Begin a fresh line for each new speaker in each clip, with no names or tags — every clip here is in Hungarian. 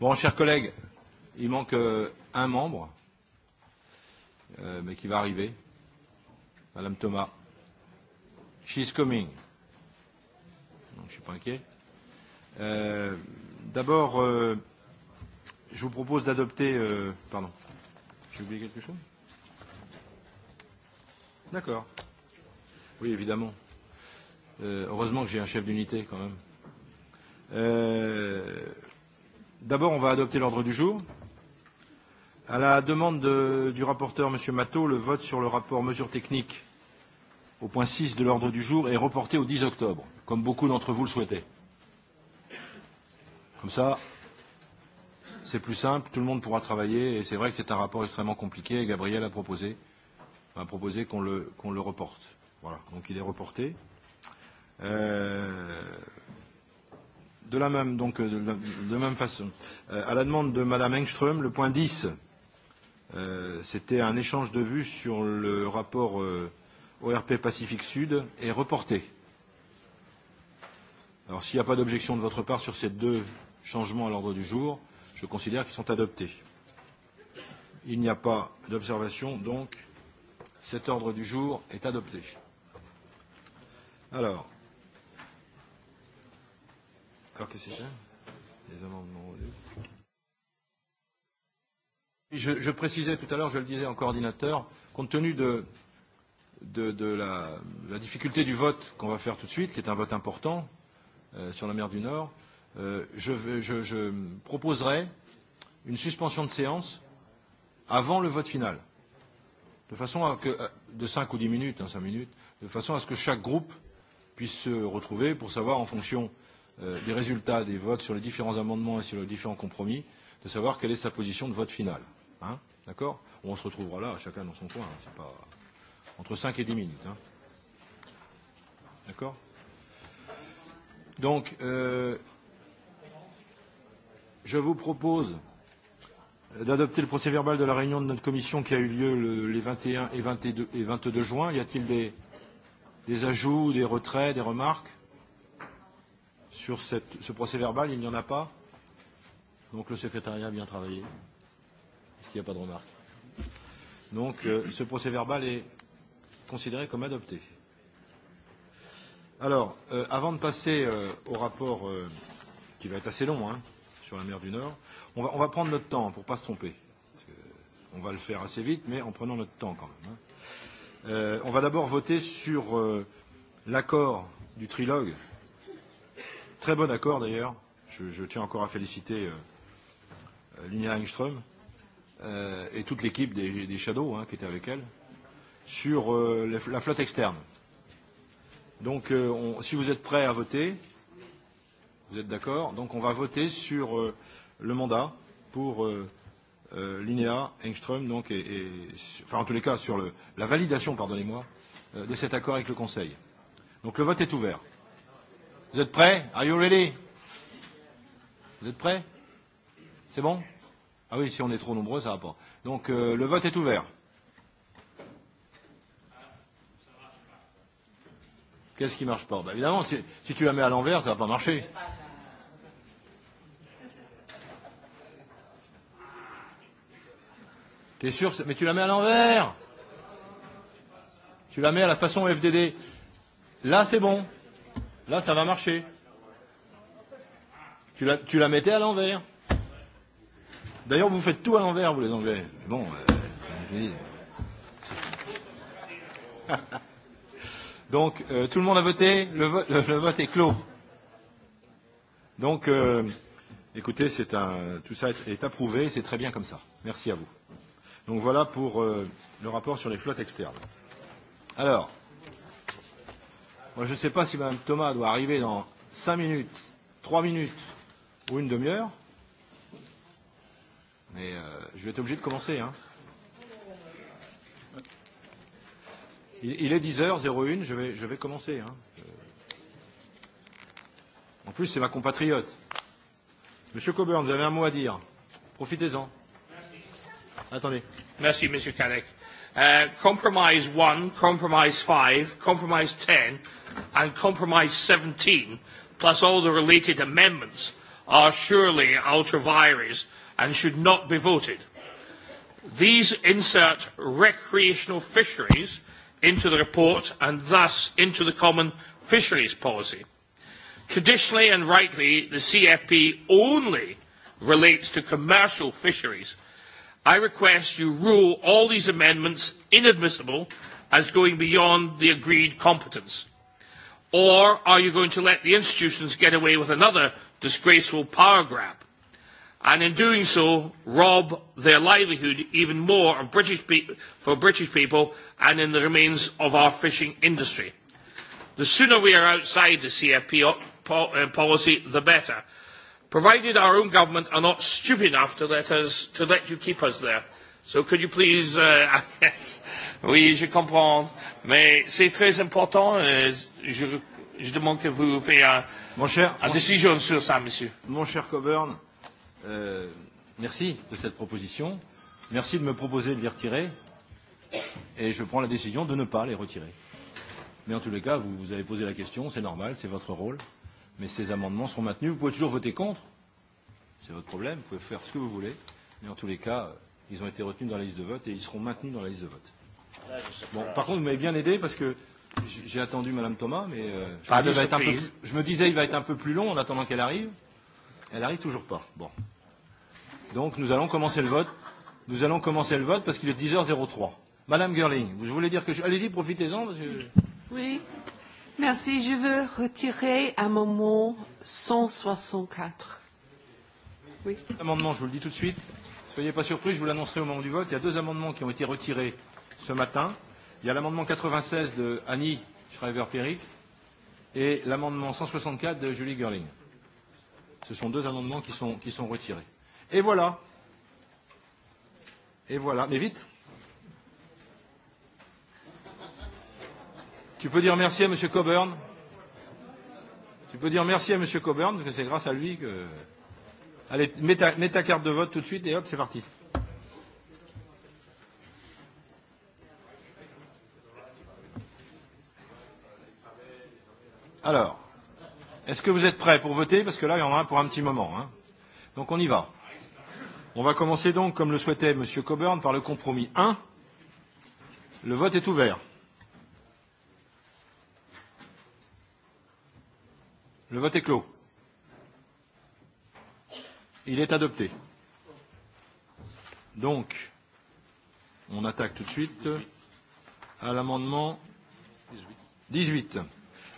Bon, chers collègues, il manque euh, un membre, euh, mais qui va arriver. Madame Thomas. She's coming. Non, je ne suis pas inquiet. Euh, D'abord, euh, je vous propose d'adopter. Euh, pardon. J'ai oublié quelque chose D'accord. Oui, évidemment. Euh, heureusement que j'ai un chef d'unité quand même. Euh, D'abord, on va adopter l'ordre du jour. À la demande de, du rapporteur, M. Matteau, le vote sur le rapport mesures techniques au point 6 de l'ordre du jour est reporté au 10 octobre, comme beaucoup d'entre vous le souhaitaient. Comme ça, c'est plus simple, tout le monde pourra travailler, et c'est vrai que c'est un rapport extrêmement compliqué, et Gabriel a proposé, a proposé qu'on le, qu le reporte. Voilà, donc il est reporté. Euh, de la même, donc, euh, de, la, de même façon. Euh, à la demande de Madame Engström, le point 10, euh, c'était un échange de vues sur le rapport euh, ORP Pacifique Sud est reporté. Alors s'il n'y a pas d'objection de votre part sur ces deux changements à l'ordre du jour, je considère qu'ils sont adoptés. Il n'y a pas d'observation, donc cet ordre du jour est adopté. Alors, Alors qu'est-ce que c'est Les amendements je, je précisais tout à l'heure, je le disais en coordinateur, compte tenu de, de, de la, la difficulté du vote qu'on va faire tout de suite, qui est un vote important euh, sur la mer du Nord, euh, je, vais, je, je proposerai une suspension de séance avant le vote final, de façon à que euh, de 5 ou 10 minutes, hein, 5 minutes, de façon à ce que chaque groupe puisse se retrouver pour savoir en fonction euh, euh, des résultats des votes sur les différents amendements et sur les différents compromis, de savoir quelle est sa position de vote finale. Hein D'accord On se retrouvera là, chacun dans son coin. Hein, C'est pas entre 5 et 10 minutes. Hein D'accord Donc, euh, je vous propose d'adopter le procès-verbal de la réunion de notre commission qui a eu lieu le, les 21 et 22, et 22 juin. Y a-t-il des, des ajouts, des retraits, des remarques sur cette, ce procès verbal, il n'y en a pas. Donc le secrétariat a bien travaillé. Est-ce qu'il n'y a pas de remarque Donc euh, ce procès verbal est considéré comme adopté. Alors, euh, avant de passer euh, au rapport euh, qui va être assez long hein, sur la mer du Nord, on va, on va prendre notre temps pour ne pas se tromper. Parce que, on va le faire assez vite, mais en prenant notre temps quand même. Hein. Euh, on va d'abord voter sur euh, l'accord du trilogue Très bon accord d'ailleurs. Je, je tiens encore à féliciter euh, Linia Engström euh, et toute l'équipe des, des Shadows hein, qui était avec elle sur euh, la, la flotte externe. Donc euh, on, si vous êtes prêts à voter, vous êtes d'accord, donc on va voter sur euh, le mandat pour euh, euh, Linéa Engström, donc, et, et, enfin en tous les cas sur le, la validation, pardonnez-moi, euh, de cet accord avec le Conseil. Donc le vote est ouvert. Vous êtes prêts Are you ready Vous êtes prêts C'est bon Ah oui, si on est trop nombreux, ça va pas. Donc euh, le vote est ouvert. Qu'est-ce qui marche pas bah, Évidemment, si, si tu la mets à l'envers, ça va pas marcher. T'es sûr Mais tu la mets à l'envers Tu la mets à la façon FDD. Là, c'est bon. Là, ça va marcher. Tu la, tu la mettais à l'envers. D'ailleurs, vous faites tout à l'envers, vous les Anglais. Bon, euh, donc euh, tout le monde a voté. Le, vo le, le vote est clos. Donc, euh, écoutez, c'est un, tout ça est, est approuvé. C'est très bien comme ça. Merci à vous. Donc voilà pour euh, le rapport sur les flottes externes. Alors. Moi, je ne sais pas si Mme Thomas doit arriver dans 5 minutes, 3 minutes ou une demi-heure. Mais euh, je vais être obligé de commencer. Hein. Il, il est 10h01, je vais, je vais commencer. Hein. Euh, en plus, c'est ma compatriote. Monsieur Coburn, vous avez un mot à dire. Profitez-en.
Attendez. Merci, Monsieur Kadek. Uh, compromise 1, compromise 5, compromise 10 and Compromise 17, plus all the related amendments, are surely ultra vires and should not be voted. These insert recreational fisheries into the report and thus into the common fisheries policy. Traditionally and rightly, the CFP only relates to commercial fisheries. I request you rule all these amendments inadmissible as going beyond the agreed competence. Or are you going to let the institutions get away with another disgraceful power grab? And in doing so, rob their livelihood even more of British pe- for British people and in the remains of our fishing industry. The sooner we are outside the CFP po- uh, policy, the better. Provided our own government are not stupid enough to let, us, to let you keep us there. So could you please, uh, yes, oui, je comprends, mais c'est très important. Uh, je, je demande que vous fassiez un,
mon cher, un mon décision
sur ça, monsieur. Mon cher Coburn,
euh, merci de cette proposition. Merci de me proposer de les retirer. Et je prends la décision de ne pas les retirer. Mais en tous les cas, vous, vous avez posé la question, c'est normal, c'est votre rôle. Mais ces amendements sont maintenus. Vous pouvez toujours voter contre. C'est votre problème. Vous pouvez faire ce que vous voulez. Mais en tous les cas, ils ont été retenus dans la liste de vote et ils seront maintenus dans la liste de vote. Bon, par contre, vous m'avez bien aidé parce que J'ai attendu Madame Thomas, mais euh, je, ah, me disais, être un peu, je me disais il va être un peu plus long en attendant qu'elle arrive. Elle arrive toujours pas. Bon. Donc nous allons commencer le vote. Nous allons commencer le vote parce qu'il est 10h03. Madame Gerling, vous voulez dire que je... Allez-y, profitez-en. Parce que...
Oui. Merci. Je veux retirer amendement 164.
Oui. Amendement, je vous le dis tout de suite. Soyez pas surpris, je vous l'annoncerai au moment du vote. Il y a deux amendements qui ont été retirés ce matin. Il y a l'amendement 96 de Annie Schreiber-Péric et l'amendement 164 de Julie Gerling. Ce sont deux amendements qui sont, qui sont retirés. Et voilà. Et voilà. Mais vite. Tu peux dire merci à M. Coburn. Tu peux dire merci à M. Coburn, parce que c'est grâce à lui que... Allez, mets ta, mets ta carte de vote tout de suite et hop, c'est parti. Alors, est-ce que vous êtes prêts pour voter Parce que là, il y en aura pour un petit moment. Hein. Donc on y va. On va commencer donc, comme le souhaitait M. Coburn, par le compromis 1. Le vote est ouvert. Le vote est clos. Il est adopté. Donc, on attaque tout de suite à l'amendement 18.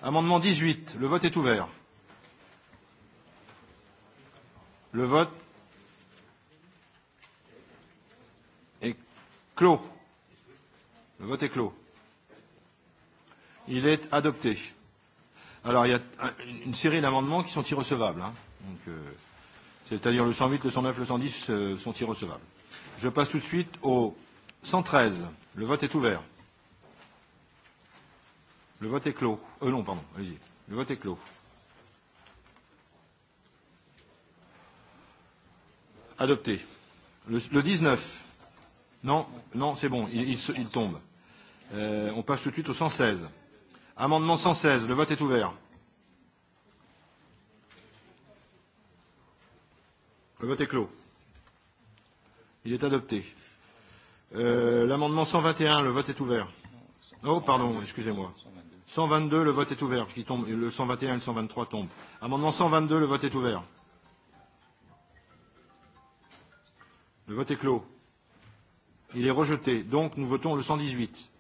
Amendement 18, le vote est ouvert. Le vote est clos. Le vote est clos. Il est adopté. Alors, il y a une série d'amendements qui sont irrecevables. Hein. Euh, c'est-à-dire euh, le 108, le 109, le 110 euh, sont irrecevables. Je passe tout de suite au 113. Le vote est ouvert. Le vote est clos. Euh non, pardon, allez-y. Le vote est clos. Adopté. Le, le 19. Non, non, c'est bon, il, il, il tombe. Euh, on passe tout de suite au 116. Amendement 116, le vote est ouvert. Le vote est clos. Il est adopté. Euh, L'amendement 121, le vote est ouvert. Oh, pardon, excusez-moi. 122, le vote est ouvert. Qui tombe, le 121 et le 123 tombent. Amendement 122, le vote est ouvert. Le vote est clos. Il est rejeté. Donc nous votons le 118.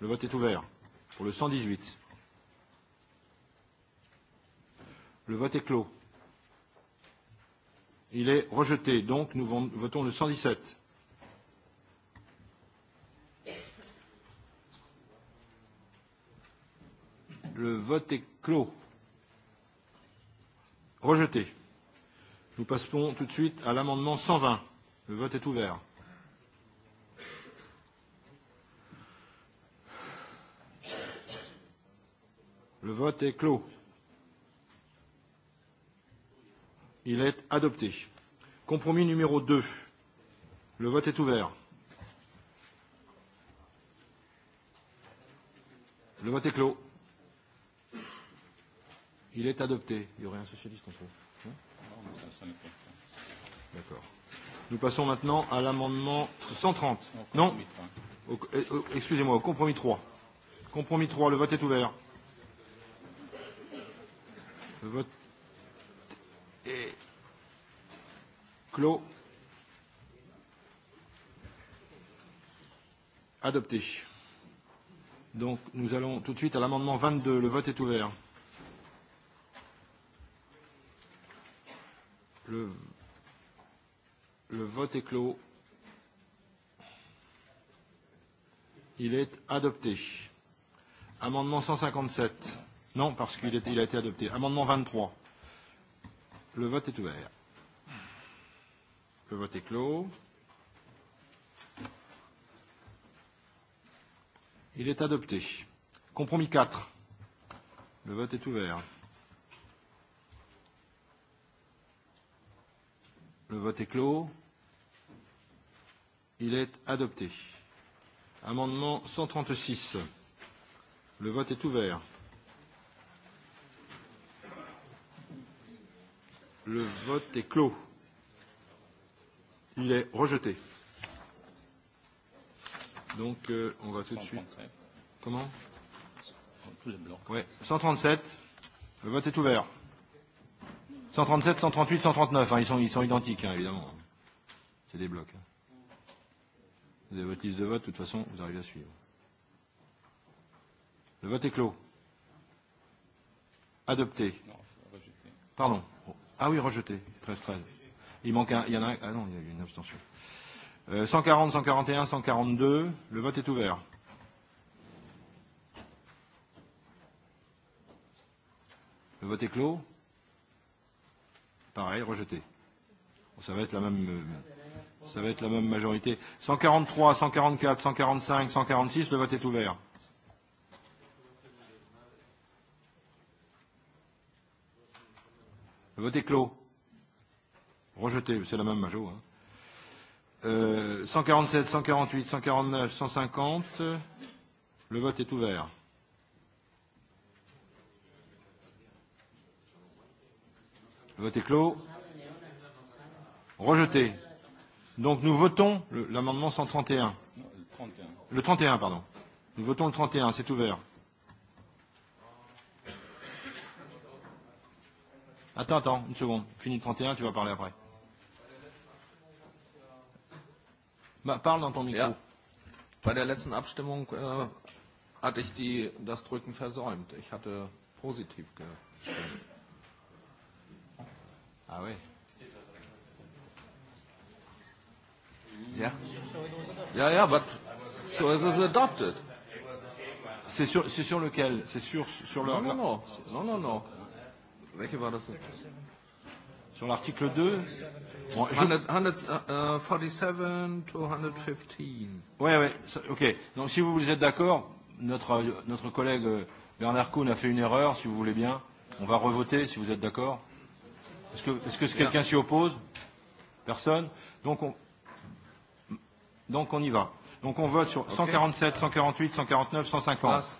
Le vote est ouvert pour le 118. Le vote est clos. Il est rejeté. Donc nous votons le 117. Le vote est clos. Rejeté. Nous passons tout de suite à l'amendement 120. Le vote est ouvert. Le vote est clos. Il est adopté. Compromis numéro 2. Le vote est ouvert. Le vote est clos. Il est adopté. Il y aurait un socialiste contre.
Non, non ça, ça pas.
D'accord. Nous passons maintenant à l'amendement 130. Non, non euh, euh, Excusez-moi, au compromis 3. Compromis 3, le vote est ouvert. Le vote est clos. Adopté. Donc nous allons tout de suite à l'amendement 22. Le vote est ouvert. Le, le vote est clos. Il est adopté. Amendement 157. Non, parce qu'il il a été adopté. Amendement 23. Le vote est ouvert. Le vote est clos. Il est adopté. Compromis 4. Le vote est ouvert. Le vote est clos. Il est adopté. Amendement 136. Le vote est ouvert. Le vote est clos. Il est rejeté. Donc euh, on va tout 137. de suite. Comment Tous les blancs. Ouais, 137. Le vote est ouvert. 137, 138, 139, hein, ils, sont, ils sont identiques, hein, évidemment. C'est des blocs. Hein. Vous avez votre liste de vote, de toute façon, vous arrivez à suivre. Le vote est clos. Adopté. Pardon. Ah oui, rejeté. 13, 13. Il manque un. Il y en a un. Ah non, il y a eu une abstention. Euh, 140, 141, 142. Le vote est ouvert. Le vote est clos. Pareil, rejeté. Ça va être la même, euh, ça va être la même majorité. 143, 144, 145, 146, le vote est ouvert. Le vote est clos. Rejeté, c'est la même majorité. Hein. Euh, 147, 148, 149, 150, le vote est ouvert. vote est clos. Rejeté. Donc nous votons l'amendement 131.
Le 31.
Le 31, pardon. Nous votons le 31, c'est ouvert. Attends, attends, une seconde. Fini le 31, tu vas
parler après. Bah, parle dans ton micro. Ja. Bei der letzten Abstimmung äh, hatte ich die, das Drücken versäumt. Ich hatte positiv gestimmt. Ah oui. Yeah. Yeah, yeah,
but so it was adopted. C'est sur, c'est sur lequel C'est sur, sur
le... Non, non, non. Non, non, non. Welche war das? Sur l'article 2 bon, je... 147 uh, uh, to 115.
Ouais, ouais, ok. Donc si vous êtes d'accord, notre, notre collègue euh, Bernard Kuhn a fait une erreur, si vous voulez bien. On va revoter, si vous êtes d'accord. Est-ce que, est que quelqu'un s'y oppose Personne Donc on, donc on y va. Donc on vote sur okay. 147, 148, 149, 150.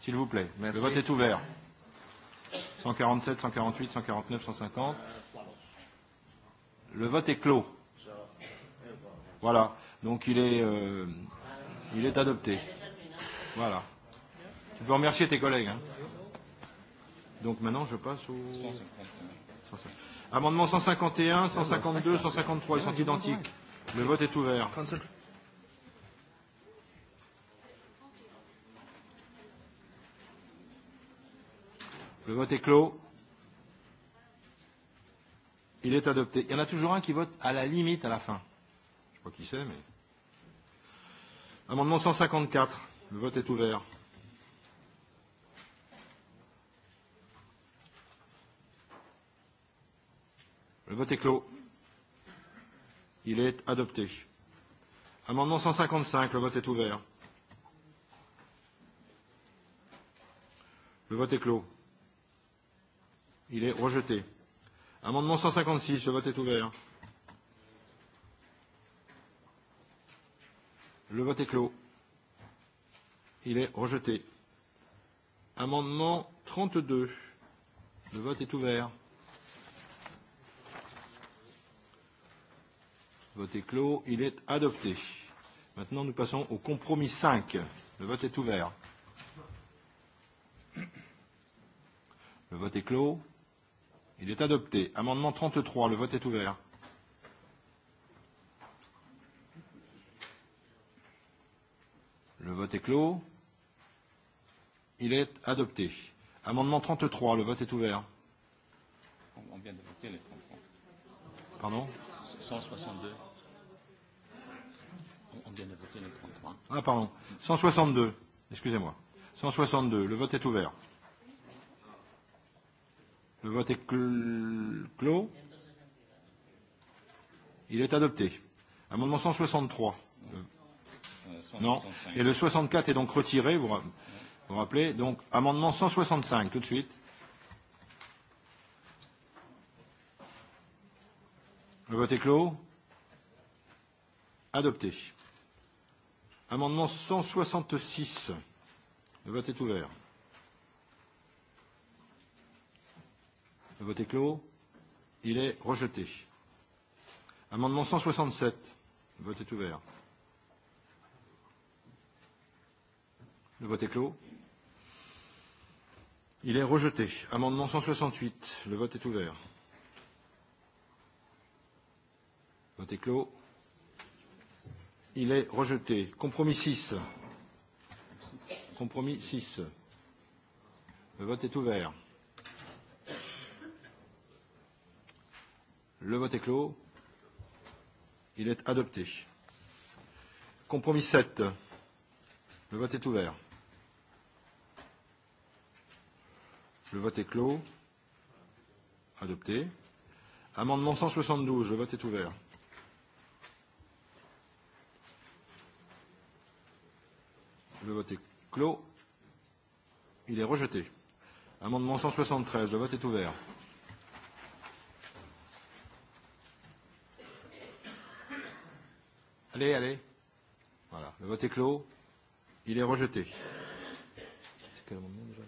S'il vous plaît. Merci. Le vote est ouvert. 147, 148, 149, 150. Le vote est clos. Voilà. Donc il est, euh, il est adopté. Voilà. Tu peux remercier tes collègues. Hein. Donc maintenant je passe au. 159. Amendement 151, 152, 153, ils sont identiques. Le vote est ouvert. Le vote est clos. Il est adopté. Il y en a toujours un qui vote à la limite à la fin. Je ne sais pas qui c'est, mais. Amendement 154. Le vote est ouvert. Le vote est clos. Il est adopté. Amendement 155, le vote est ouvert. Le vote est clos. Il est rejeté. Amendement 156, le vote est ouvert. Le vote est clos. Il est rejeté. Amendement 32. Le vote est ouvert. Vote est clos. Il est adopté. Maintenant, nous passons au compromis 5. Le vote est ouvert. Le vote est clos. Il est adopté. Amendement 33. Le vote est ouvert. Le vote est clos. Il est adopté. Amendement 33. Le vote est ouvert.
On vient de voter les 33. Pardon 162. On vient de le
33. Ah, pardon. 162. Excusez-moi. 162. Le vote est ouvert. Le vote est clos. Il est adopté. Amendement 163. Euh, non. Et le 64 est donc retiré, vous, vous rappelez. Donc, amendement 165, tout de suite. Le vote est clos. Adopté. Amendement 166. Le vote est ouvert. Le vote est clos. Il est rejeté. Amendement 167. Le vote est ouvert. Le vote est clos. Il est rejeté. Amendement 168. Le vote est ouvert. Vote est clos. Il est rejeté. Compromis 6. Compromis 6. Le vote est ouvert. Le vote est clos. Il est adopté. Compromis 7. Le vote est ouvert. Le vote est clos. Adopté. Amendement 172. Le vote est ouvert. Le vote est clos. Il est rejeté. Amendement 173. Le vote est ouvert. Allez, allez. Voilà. Le vote est clos. Il est rejeté. C'est quel amendement déjà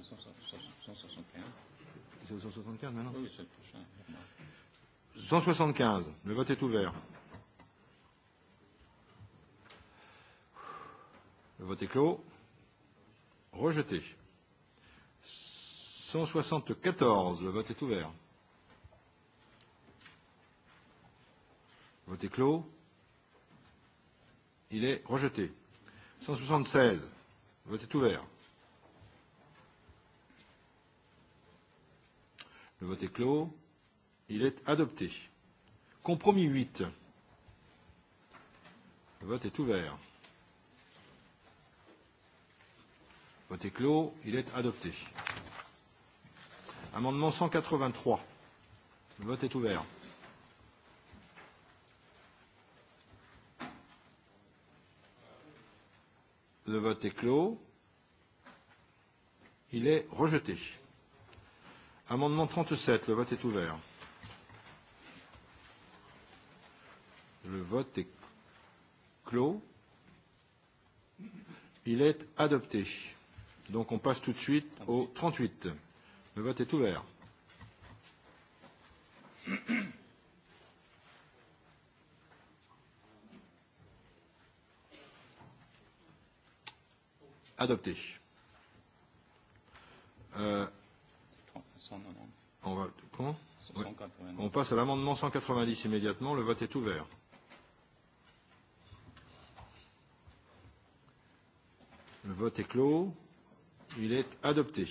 175. Euh, c'est au 175 maintenant Oui, c'est le prochain. 175. Le vote est ouvert. Le vote est clos. Rejeté. 174. Le vote est ouvert. Le vote est clos. Il est rejeté. 176. Le vote est ouvert. Le vote est clos. Il est adopté. Compromis 8. Le vote est ouvert. Vote est clos. Il est adopté. Amendement 183. Le vote est ouvert. Le vote est clos. Il est rejeté. Amendement 37. Le vote est ouvert. Le vote est clos. Il est adopté. Donc on passe tout de suite au 38. Le vote est ouvert. Adopté. Euh, on va comment oui. On passe à l'amendement 190 immédiatement. Le vote est ouvert. Le vote est clos. Il est adopté.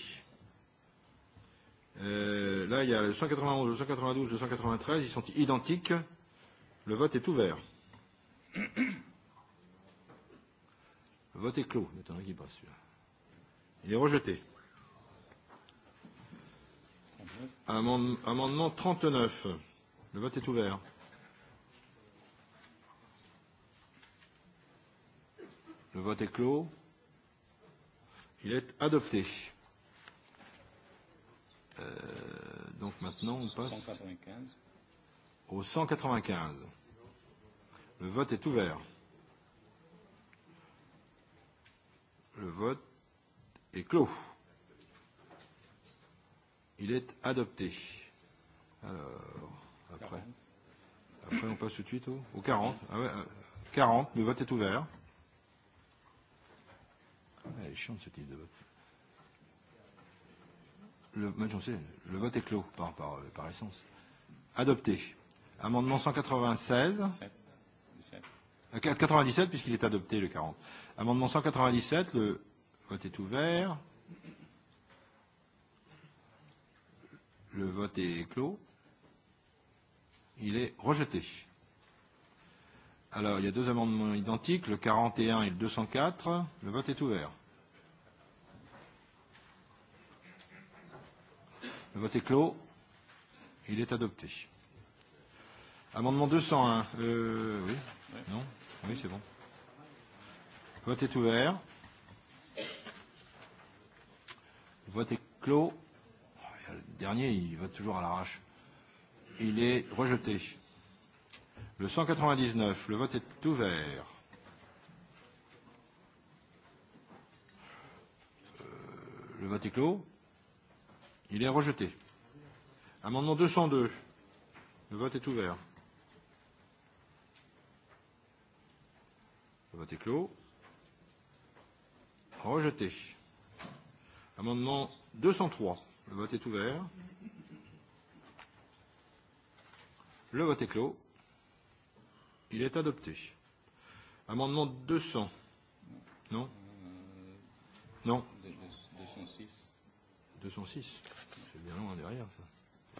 Euh, là, il y a le 191, le 192, le 193, ils sont identiques. Le vote est ouvert. Le vote est clos, étant donné qu'il passe celui-là. Il est rejeté. Amend amendement 39. Le vote est ouvert. Le vote est clos. Il est adopté. Euh, donc maintenant, on passe
195.
au 195. Le vote est ouvert. Le vote est clos. Il est adopté. Alors, après, après on passe tout de suite au, au 40. Ah ouais, 40, euh, le vote est ouvert. Elle est chiante cette idée de vote. Le, je sais, le vote est clos par, par, euh, par essence. Adopté. Amendement 196. 17. 97 puisqu'il est adopté le 40. Amendement 197, le vote est ouvert. Le vote est clos. Il est rejeté. Alors, il y a deux amendements identiques, le 41 et le 204. Le vote est ouvert. Le vote est clos. Il est adopté. Amendement 201. Euh, oui Non Oui, c'est bon. Le vote est ouvert. Le vote est clos. Ah, le dernier, il vote toujours à l'arrache. Il est rejeté. Le 199, le vote est ouvert. Euh, le vote est clos. Il est rejeté. Amendement 202. Le vote est ouvert. Le vote est clos. Rejeté. Amendement 203. Le vote est ouvert. Le vote est clos. Il est adopté. Amendement 200. Non Non 206. 206. C'est bien loin derrière, ça.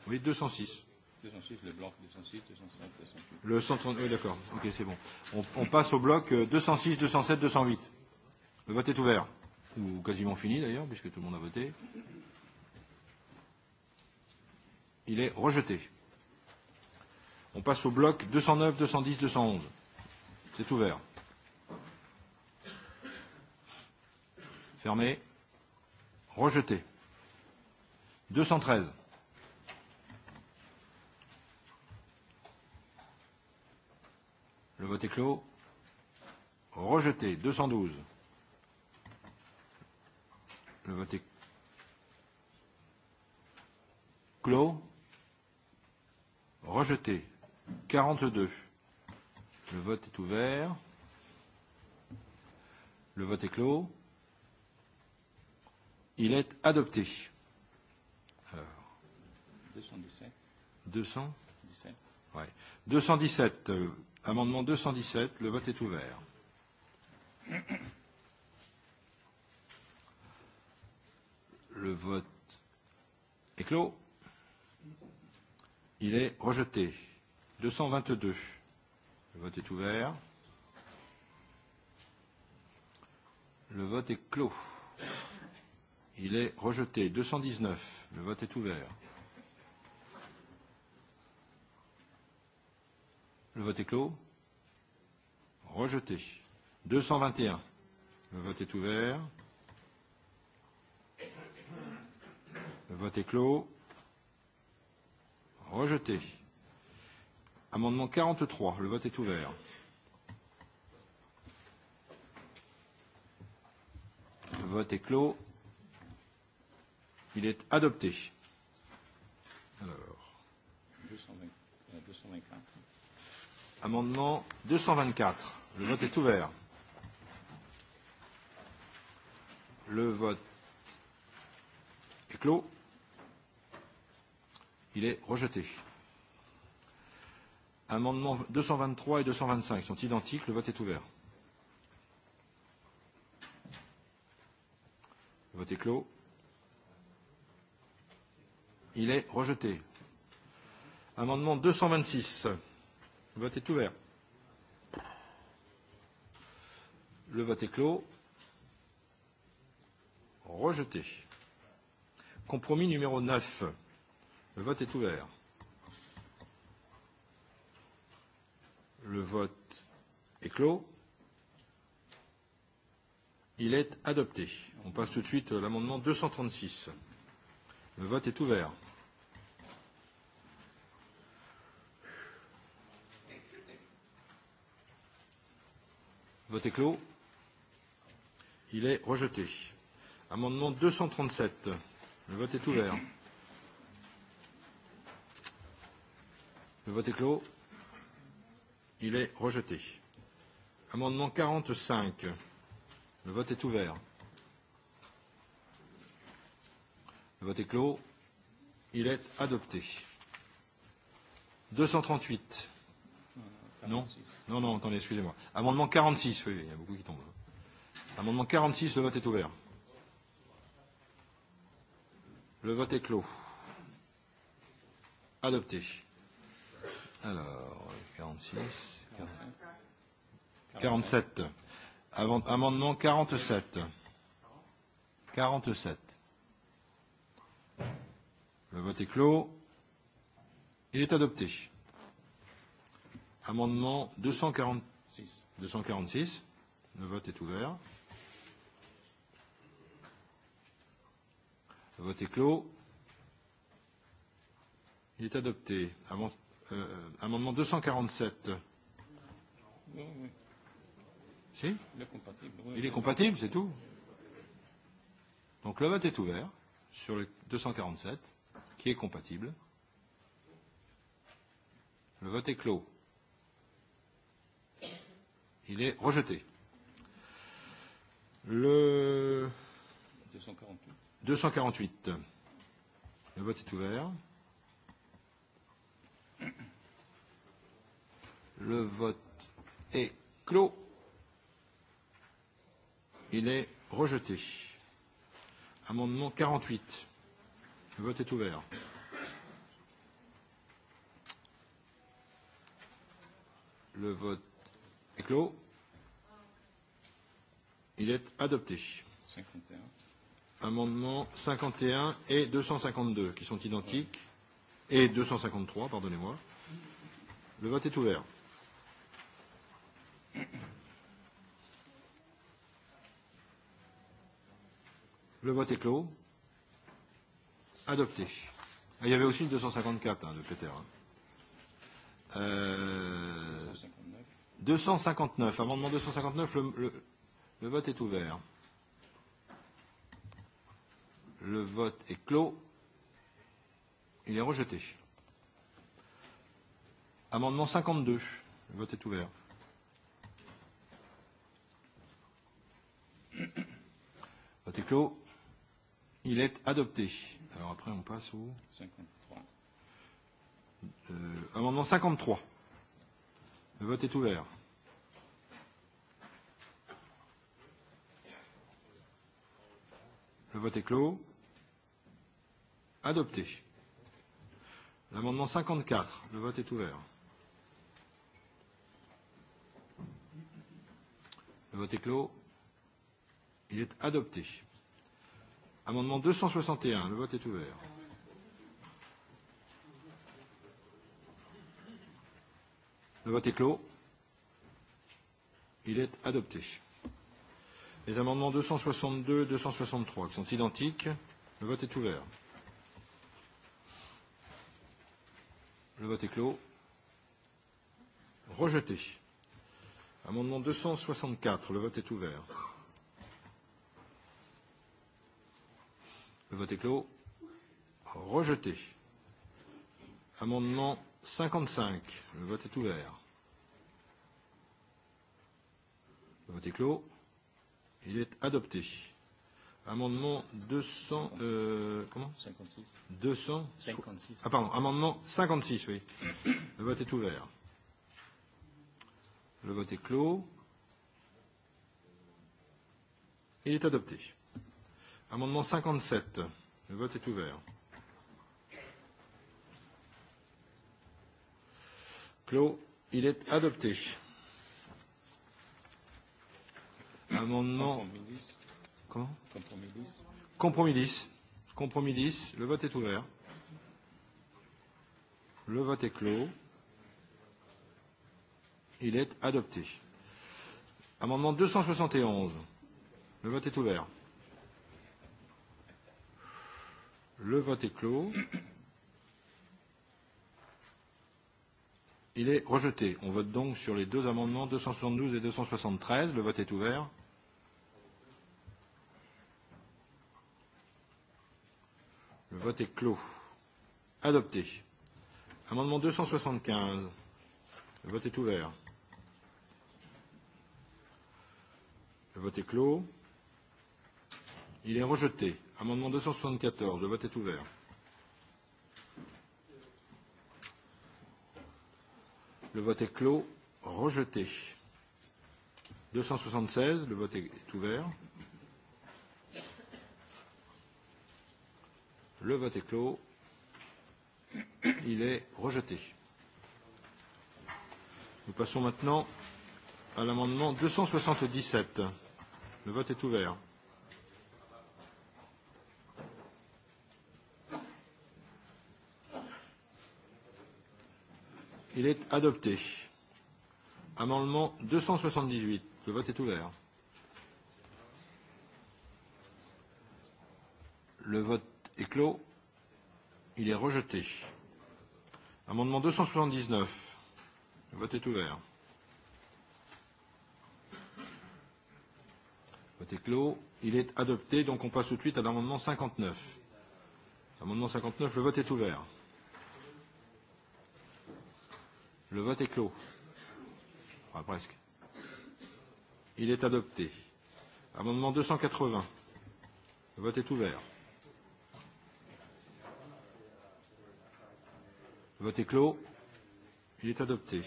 Oui, 206. 206, le bloc 206, 207, 208. Le 130, oui, d'accord. Ok, c'est bon. On, on passe au bloc 206, 207, 208. Le vote est ouvert. Ou quasiment fini, d'ailleurs, puisque tout le monde a voté. Il est rejeté. On passe au bloc 209, 210, 211. C'est ouvert. Fermé. Rejeté. 213. Le vote est clos. Rejeté. 212. Le vote est clos. Rejeté. 42. Le vote est ouvert. Le vote est clos. Il est adopté. 217. 217. 17. Ouais. 217. Euh, amendement 217. Le vote est ouvert. Le vote est clos. Il est rejeté. 222. Le vote est ouvert. Le vote est clos. Il est rejeté. 219. Le vote est ouvert. Le vote est clos. Rejeté. 221. Le vote est ouvert. Le vote est clos. Rejeté. Amendement 43. Le vote est ouvert. Le vote est clos. Il est adopté. Alors, Amendement 224. Le vote est ouvert. Le vote est clos. Il est rejeté. Amendements 223 et 225 sont identiques. Le vote est ouvert. Le vote est clos. Il est rejeté. Amendement 226. Le vote est ouvert. Le vote est clos. Rejeté. Compromis numéro 9. Le vote est ouvert. Le vote est clos. Il est adopté. On passe tout de suite à l'amendement 236. Le vote est ouvert. Vote est clos. Il est rejeté. Amendement 237. Le vote est ouvert. Le vote est clos. Il est rejeté. Amendement 45. Le vote est ouvert. Le vote est clos. Il est adopté. 238. Non 46. Non, non, attendez, excusez-moi. Amendement 46, oui, il y a beaucoup qui tombent. Amendement 46, le vote est ouvert. Le vote est clos. Adopté. Alors, 46. 47.
47.
amendement 47. 47. Le vote est clos. Il est adopté. Amendement 246. 246. Le vote est ouvert. Le vote est clos. Il est adopté. Avant, euh, amendement 247. Oui, oui. Si
Il est compatible. Oui, Il est compatible,
c'est tout. Donc le vote est ouvert sur le 247, qui est compatible. Le vote est clos. Il est rejeté. Le 248. Le vote est ouvert. Le vote est clos. Il est rejeté. Amendement 48. Le vote est ouvert. Le vote est clos. Il est adopté. 51. Amendement 51 et 252 qui sont identiques. ouais. Et 253, pardonnez-moi. Le vote est ouvert. Le vote est clos. Adopté. Ah, il y avait aussi une 254 hein, de Peter. Hein. Euh, 259. 259, amendement 259, le, le, le vote est ouvert. Le vote est clos. Il est rejeté. Amendement 52. Le vote est ouvert. Vote est clos. Il est adopté. Alors après, on passe au... 53. Euh, amendement 53. Le vote est ouvert. Le vote est clos. Adopté. L'amendement 54. Le vote est ouvert. Le vote est clos. Il est adopté. Amendement 261. Le vote est ouvert. Le vote est clos. Il est adopté. Les amendements 262 et 263 qui sont identiques. Le vote est ouvert. Le vote est clos. Rejeté. Amendement 264. Le vote est ouvert. Le vote est clos. Rejeté. Amendement 55. Le vote est ouvert. Le vote est clos. Il est adopté. Amendement 200. Euh, comment 56. 200. 56. Ah, pardon. Amendement 56, oui. Le vote est ouvert. Le vote est clos. Il est adopté. Amendement 57. Le vote est ouvert. Clos. Il est adopté. Amendement. Compromis 10. Comment Compromis 10. Compromis 10. Compromis 10. Le vote est ouvert. Le vote est clos. Il est adopté. Amendement 271. Le vote est ouvert. Le vote est clos. Il est rejeté. On vote donc sur les deux amendements 272 et 273. Le vote est ouvert. Le vote est clos. Adopté. Amendement 275. Le vote est ouvert. Le vote est clos. Il est rejeté. Amendement 274. Le vote est ouvert. Le vote est clos. Rejeté. 276. Le vote est ouvert. Le vote est clos. Il est rejeté. Nous passons maintenant à l'amendement 277. Le vote est ouvert. Il est adopté. Amendement 278. Le vote est ouvert. Le vote est clos. Il est rejeté. Amendement 279. Le vote est ouvert. Le vote est clos. Il est adopté. Donc on passe tout de suite à l'amendement 59. L Amendement 59. Le vote est ouvert. Le vote est clos. Enfin, presque. Il est adopté. Amendement 280. Le vote est ouvert. Le vote est clos. Il est adopté.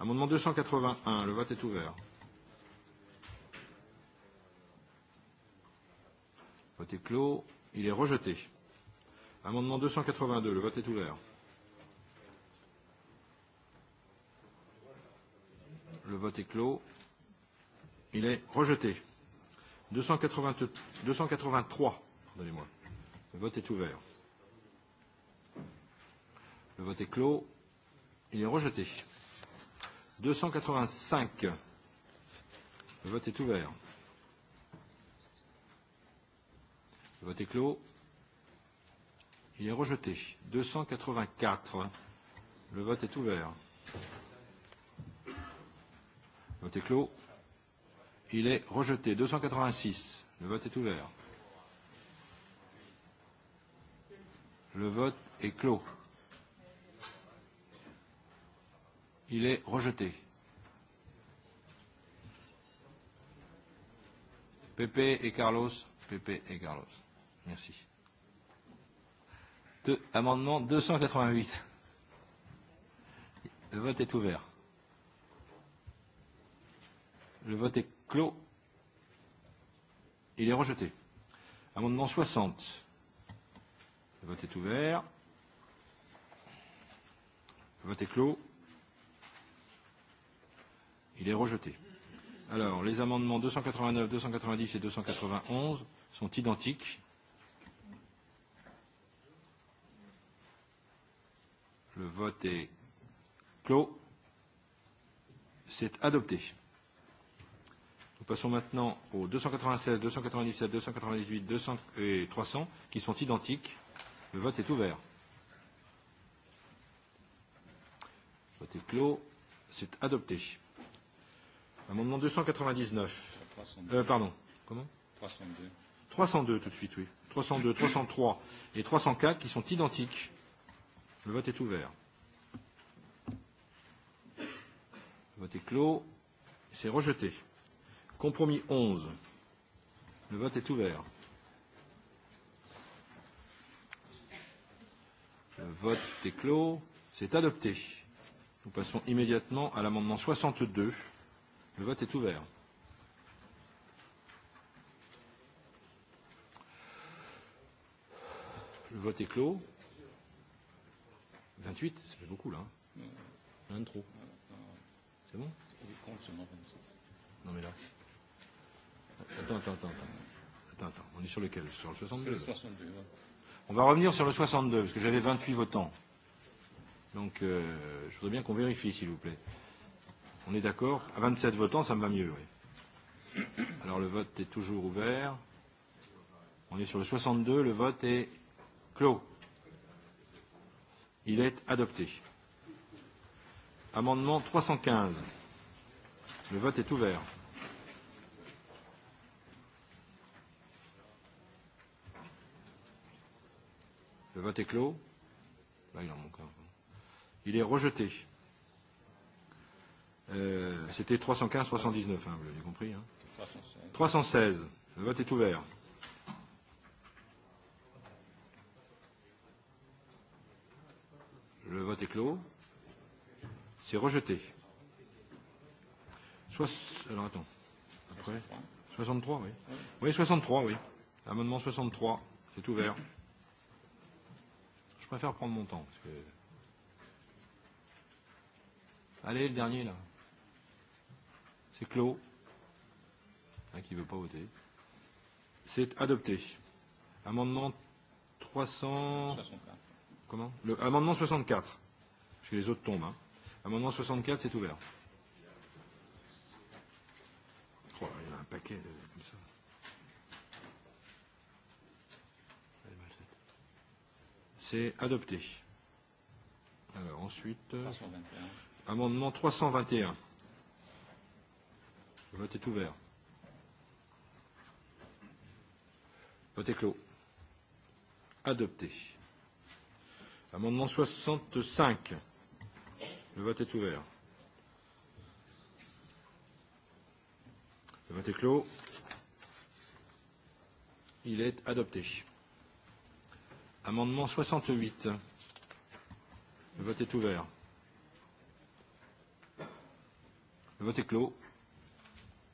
Amendement 281. Le vote est ouvert. Le vote est clos. Il est rejeté. Amendement 282. Le vote est ouvert. Le Le vote est clos. Il est rejeté. 282, 283, pardonnez-moi. Le vote est ouvert. Le vote est clos. Il est rejeté. 285. Le vote est ouvert. Le vote est clos. Il est rejeté. 284. Le vote est ouvert. Vote est clos. Il est rejeté. 286. Le vote est ouvert. Le vote est clos. Il est rejeté. Pépé et Carlos. Pépé et Carlos. Merci. De, amendement 288. Le vote est ouvert. Le vote est clos. Il est rejeté. Amendement 60. Le vote est ouvert. Le vote est clos. Il est rejeté. Alors, les amendements 289, 290 et 291 sont identiques. Le vote est clos. C'est adopté. Nous passons maintenant aux 296, 297, 298, 200 et 300 qui sont identiques. Le vote est ouvert. Le vote est clos. C'est adopté. Amendement 299. Euh, pardon. Comment 302. 302 tout de suite, oui. 302, 303 et 304 qui sont identiques. Le vote est ouvert. Le vote est clos. C'est rejeté. Compromis 11. Le vote est ouvert. Le vote est clos. C'est adopté. Nous passons immédiatement à l'amendement 62. Le vote est ouvert. Le vote est clos. 28, ça fait beaucoup là. Rien de trop. C'est bon Non mais là. Attends, attends, attends. Attends, attends. On est sur lequel Sur le 62 Sur le 62, ouais. On va revenir sur le 62, parce que j'avais 28 votants. Donc, euh, je voudrais bien qu'on vérifie, s'il vous plaît. On est d'accord À 27 votants, ça me va mieux, oui. Alors, le vote est toujours ouvert. On est sur le 62, le vote est clos. Il est adopté. Amendement 315. Le vote est ouvert. Le vote est clos. Là, il en manque un. Il est rejeté. Euh, C'était 315, 319, hein, vous l'avez compris. Hein. 316. 316. Le vote est ouvert. Le vote est clos. C'est rejeté. Sois... Alors attends. Après. 63, oui. Oui, 63, oui. L Amendement 63. C'est ouvert. Oui préfère prendre mon temps. Parce que... Allez, le dernier là. C'est clos. Hein, qui ne veut pas voter. C'est adopté. Amendement 300. 64. Comment le, Amendement 64. Parce que les autres tombent. Hein. Amendement 64, c'est ouvert. Oh, il y a un paquet. De... C'est adopté. Alors ensuite, 321. amendement 321. Le vote est ouvert. Le Vote est clos. Adopté. Amendement 65. Le vote est ouvert. Le vote est clos. Il est adopté. Amendement 68. Le vote est ouvert. Le vote est clos.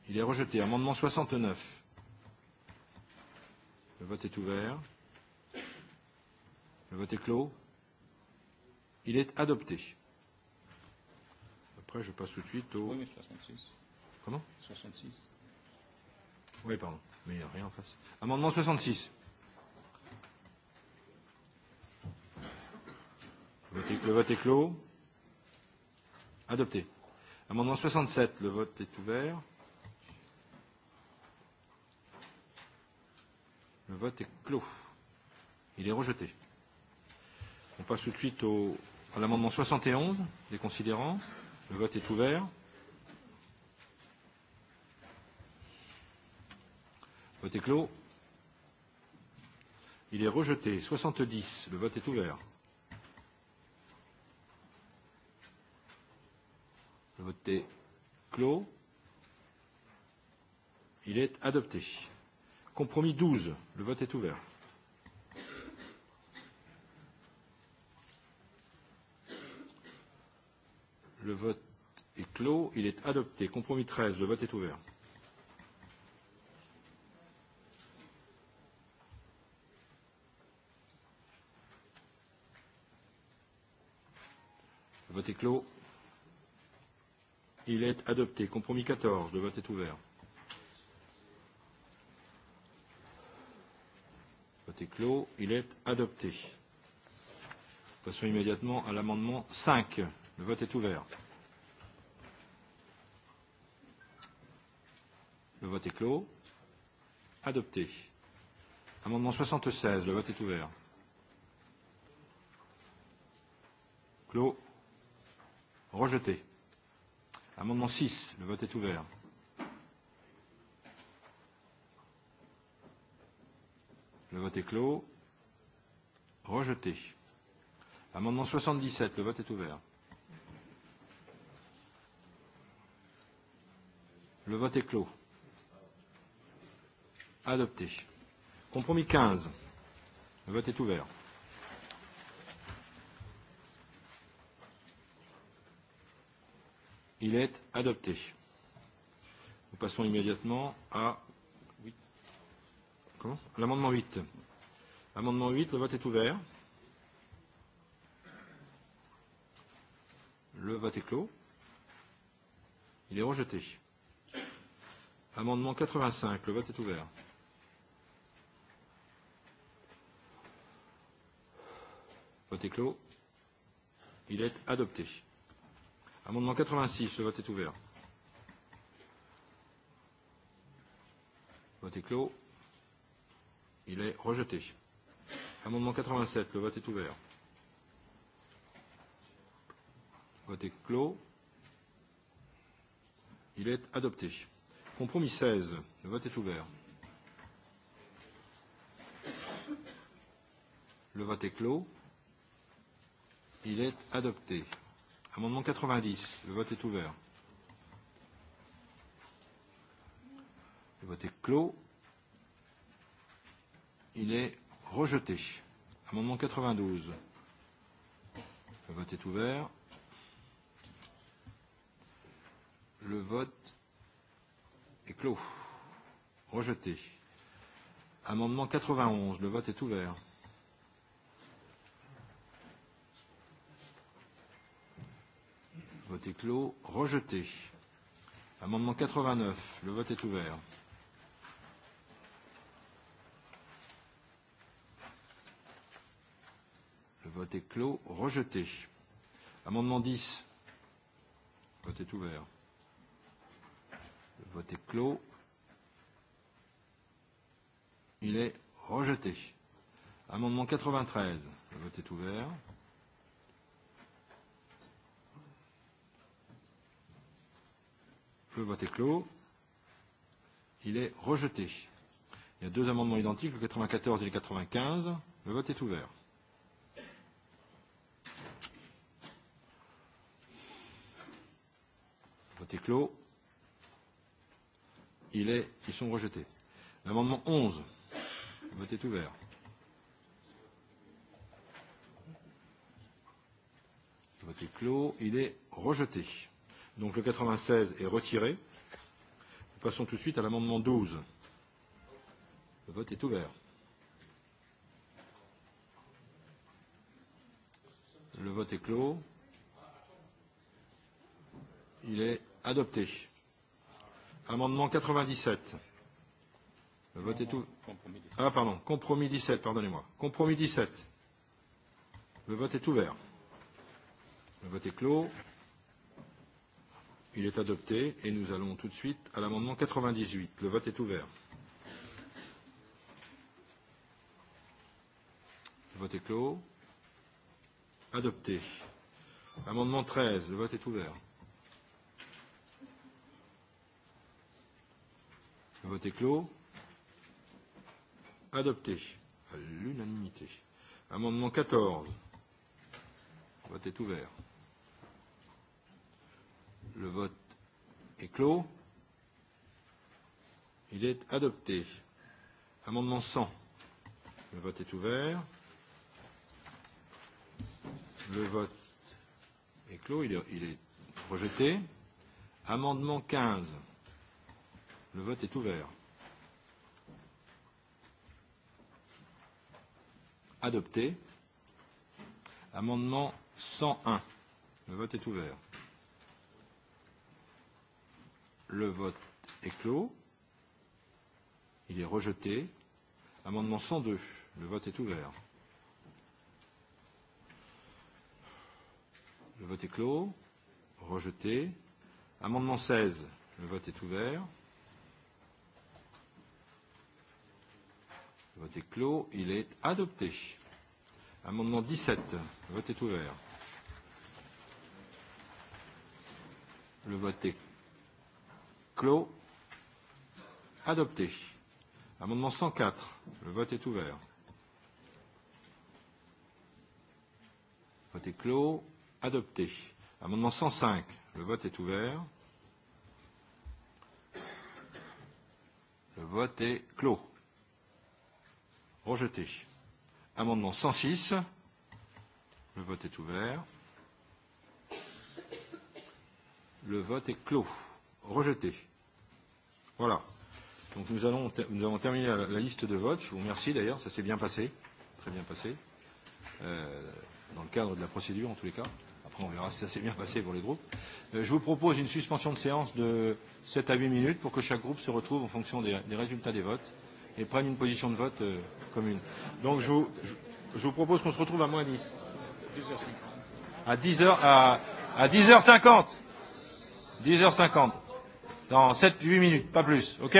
Il est rejeté. Amendement 69. Le vote est ouvert. Le vote est clos. Il est adopté. Après, je passe tout de suite au... Oui, mais 66. Comment 66. Oui, pardon. Mais il n'y a rien en face. Amendement 66. Le vote est clos. Adopté. Amendement 67, le vote est ouvert. Le vote est clos. Il est rejeté. On passe tout de suite au, à l'amendement 71 des considérants. Le vote est ouvert. vote est clos. Il est rejeté. 70. Le vote est ouvert. Le vote est clos. Il est adopté. Compromis 12. Le vote est ouvert. Le vote est clos. Il est adopté. Compromis 13. Le vote est ouvert. Le vote est clos. Il est adopté. Compromis 14. Le vote est ouvert. Le vote est clos. Il est adopté. Passons immédiatement à l'amendement 5. Le vote est ouvert. Le vote est clos. Adopté. Amendement 76. Le vote est ouvert. Clos. Rejeté. Amendement 6, le vote est ouvert. Le vote est clos. Rejeté. Amendement 77, le vote est ouvert. Le vote est clos. Adopté. Compromis 15. Le vote est ouvert. Il est adopté. Nous passons immédiatement à, l'amendement 8. Amendement 8, le vote est ouvert. Le vote est clos. Il est rejeté. Amendement 85, le vote est ouvert. Vote est clos. Il est adopté. Amendement 86, le vote est ouvert. Le vote est clos. Il est rejeté. Amendement 87, le vote est ouvert. Le vote est clos. Il est adopté. Compromis 16, le vote est ouvert. Le vote est clos. Il est adopté. Amendement 90, le vote est ouvert. Le vote est clos. Il est rejeté. Amendement 92. Le vote est ouvert. Le vote est clos. Rejeté. Amendement 91. Le vote est ouvert. Vote est clos. Rejeté. Amendement 89. Le vote est ouvert. Le vote est clos. Rejeté. Amendement 10. Le vote est ouvert. Le vote est clos. Il est rejeté. Amendement 93. Le vote est ouvert. Le vote est clos. Il est rejeté. Il y a deux amendements identiques, le 94 et le 95. Le vote est ouvert. Le vote est clos. Il est, ils sont rejetés. L'amendement 11. Le vote est ouvert. Le vote est clos. Il est rejeté. Donc le 96 est retiré. Nous passons tout de suite à l'amendement 12. Le vote est ouvert. Le vote est clos. Il est adopté. Amendement 97. Le vote est ouvert. Ah pardon, compromis 17, pardonnez-moi. Compromis 17. Le vote est ouvert. Le vote est clos. Il est adopté et nous allons tout de suite à l'amendement 98. Le vote est ouvert. Le vote est clos. Adopté. Amendement 13. Le vote est ouvert. Le vote est clos. Adopté. À l'unanimité. Amendement 14. Le vote est ouvert. Le vote est clos. Il est adopté. Amendement 100. Le vote est ouvert. Le vote est clos. Il est, il est rejeté. Amendement 15. Le vote est ouvert. Adopté. Amendement 101. Le vote est ouvert. Le vote est clos. Il est rejeté. Amendement 102. Le vote est ouvert. Le vote est clos. Rejeté. Amendement 16. Le vote est ouvert. Le vote est clos. Il est adopté. Amendement 17. Le vote est ouvert. Le vote est Clos. Adopté. Amendement 104. Le vote est ouvert. Vote est clos. Adopté. Amendement 105. Le vote est ouvert. Le vote est clos. Rejeté. Amendement 106. Le vote est ouvert. Le vote est clos. Rejeté. Voilà. Donc nous, allons, nous avons terminé la, la liste de votes. Je vous remercie d'ailleurs, ça s'est bien passé, très bien passé, euh, dans le cadre de la procédure en tous les cas. Après on verra si ça s'est bien passé pour les groupes. Euh, je vous propose une suspension de séance de 7 à 8 minutes pour que chaque groupe se retrouve en fonction des, des résultats des votes et prenne une position de vote euh, commune. Donc je vous, je, je vous propose qu'on se retrouve à moins 10. À 10h, à, à 10h50. 10h50 dans 7-8 minutes, pas plus. OK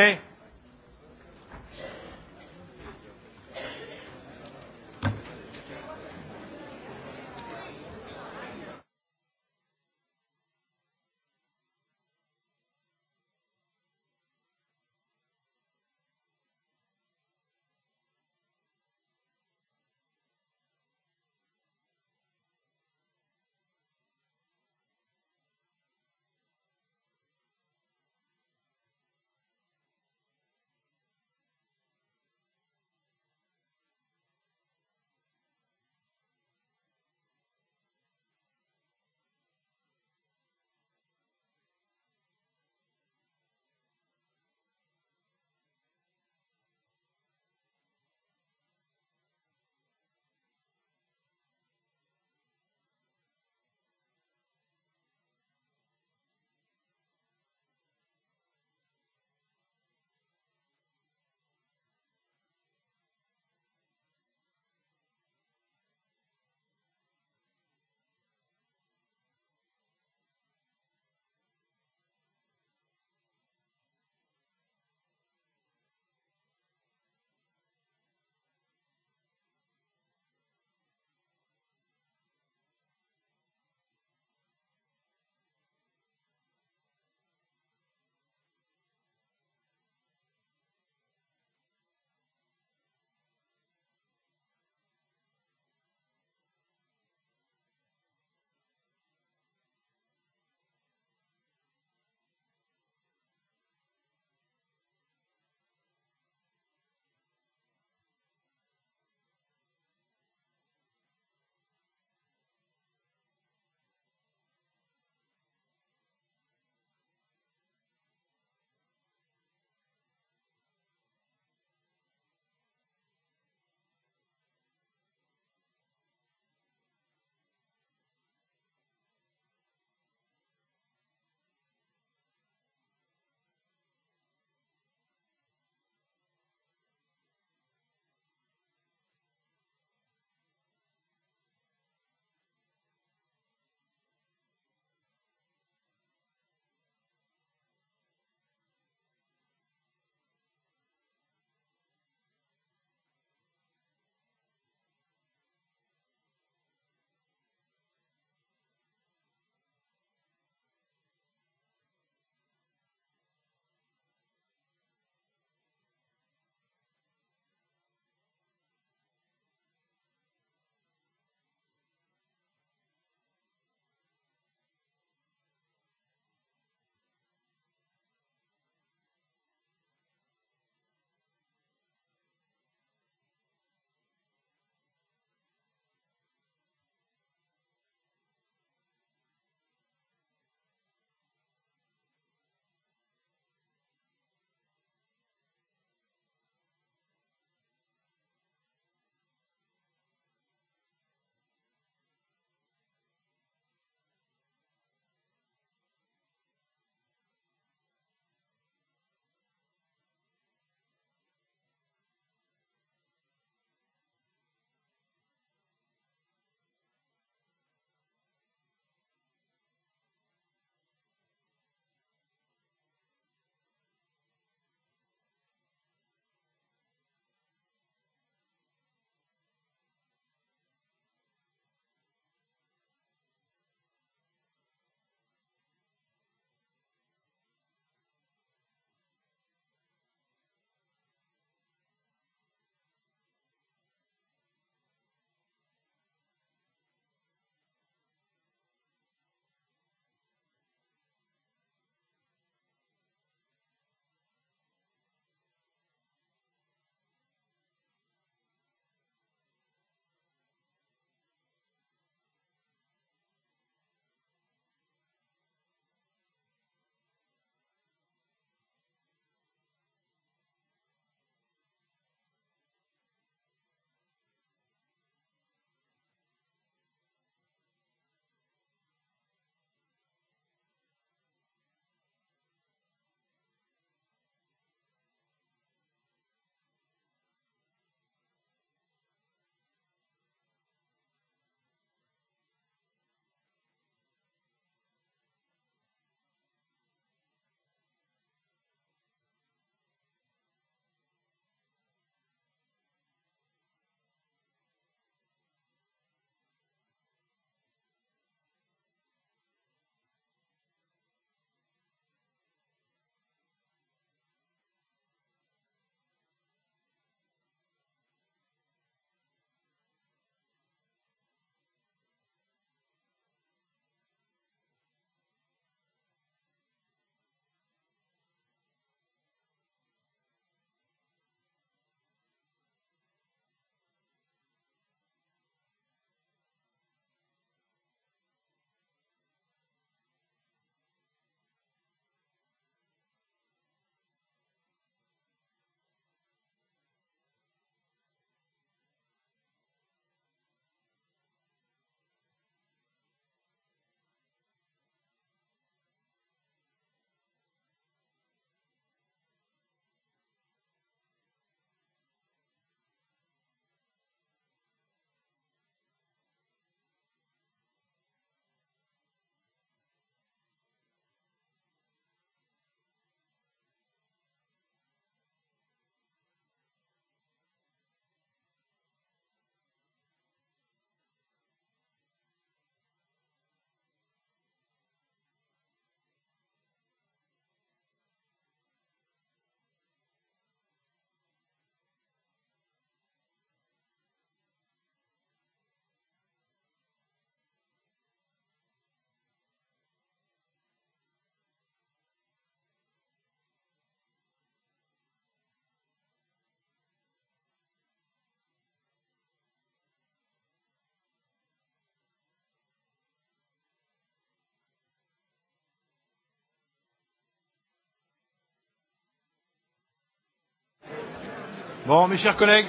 Bon, mes chers collègues,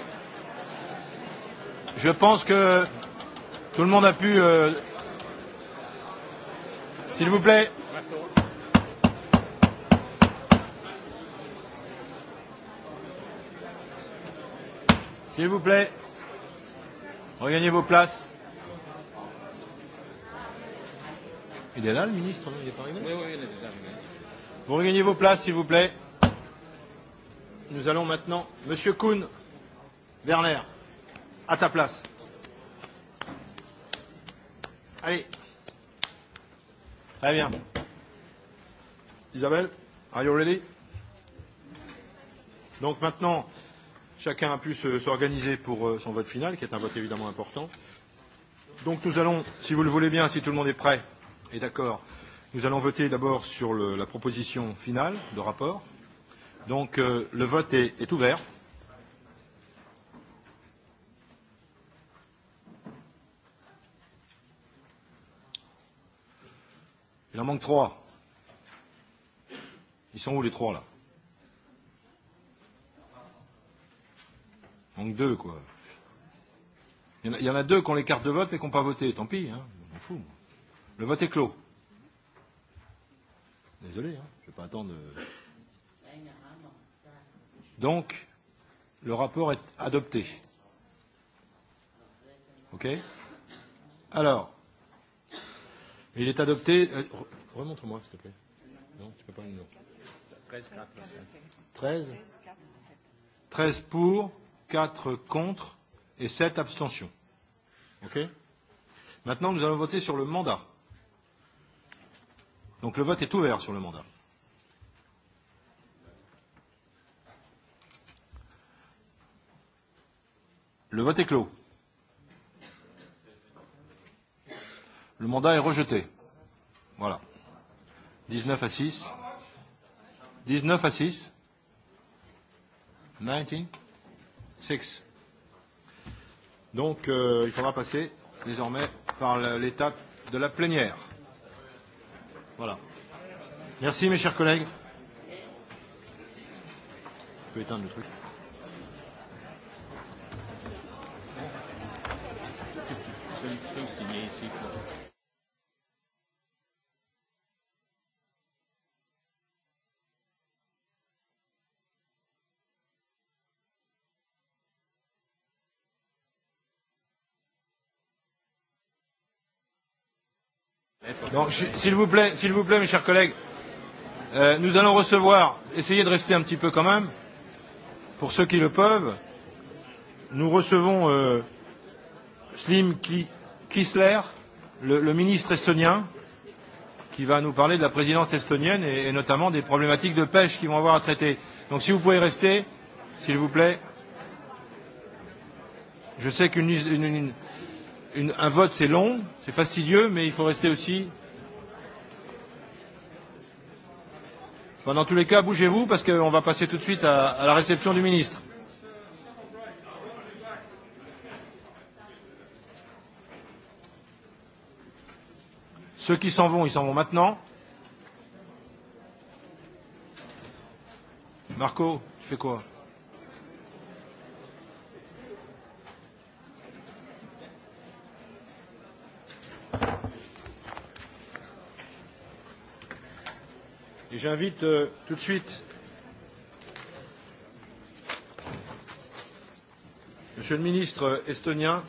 je pense que tout le monde a pu. Euh... S'il vous plaît. S'il vous plaît, regagnez vos places. Il est là, le ministre, il est pas arrivé
Oui, oui, il est déjà arrivé.
Vous regagnez vos places, s'il vous plaît. Nous allons maintenant, Monsieur Kuhn, Werner, à ta place. Allez. Très bien. Isabelle, are you ready? Donc maintenant, chacun a pu s'organiser pour euh, son vote final, qui est un vote évidemment important. Donc nous allons, si vous le voulez bien, si tout le monde est prêt et d'accord, nous allons voter d'abord sur le, la proposition finale de rapport Donc euh, le vote est, est ouvert. Il en manque trois. Ils sont où les trois là Il manque deux quoi. Il y, en a, il y en a deux qui ont les cartes de vote mais qui n'ont pas voté. Tant pis, hein. je m'en fous. Le vote est clos. Désolé, hein. je ne vais pas attendre. Euh... Donc, le rapport est adopté. OK Alors, il est adopté. Euh, remontre-moi, s'il te plaît. Non, tu peux pas le numéro.
13, 13
13 pour, 4 contre et 7 abstentions. OK Maintenant, nous allons voter sur le mandat. Donc le vote est ouvert sur le mandat. Le vote est clos. Le mandat est rejeté. Voilà. 19 à 6. 19 à 6. 19. 6. Donc, euh, il faudra passer désormais par l'étape de la plénière. Voilà. Merci, mes chers collègues. Je peux éteindre le truc.
Chinese people.
Donc, s'il vous plaît, s'il
vous plaît, mes chers collègues, euh, nous allons recevoir, essayez de rester un petit peu quand même, pour ceux qui le peuvent. Nous recevons euh, Slim Kli Kisler, le, le ministre estonien, qui va nous parler de la présidence estonienne et, et notamment des problématiques de pêche qu'ils vont avoir à traiter. Donc si vous pouvez rester, s'il vous plaît. Je sais qu'un une, une, une, un vote c'est long, c'est fastidieux, mais il faut rester aussi. Enfin, dans tous les cas, bougez-vous parce qu'on va passer tout de suite à, à la réception du ministre. Ceux qui s'en vont, ils s'en vont maintenant. Marco, tu fais quoi Et j'invite euh, tout de suite Monsieur le ministre estonien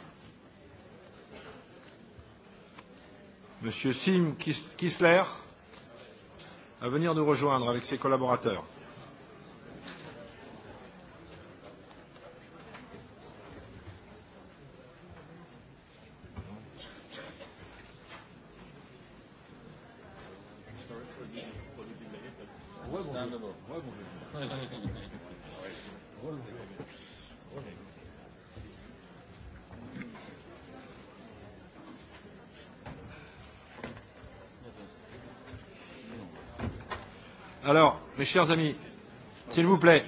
Monsieur Sim Kissler à venir nous rejoindre avec ses collaborateurs. chers amis, s'il vous plaît.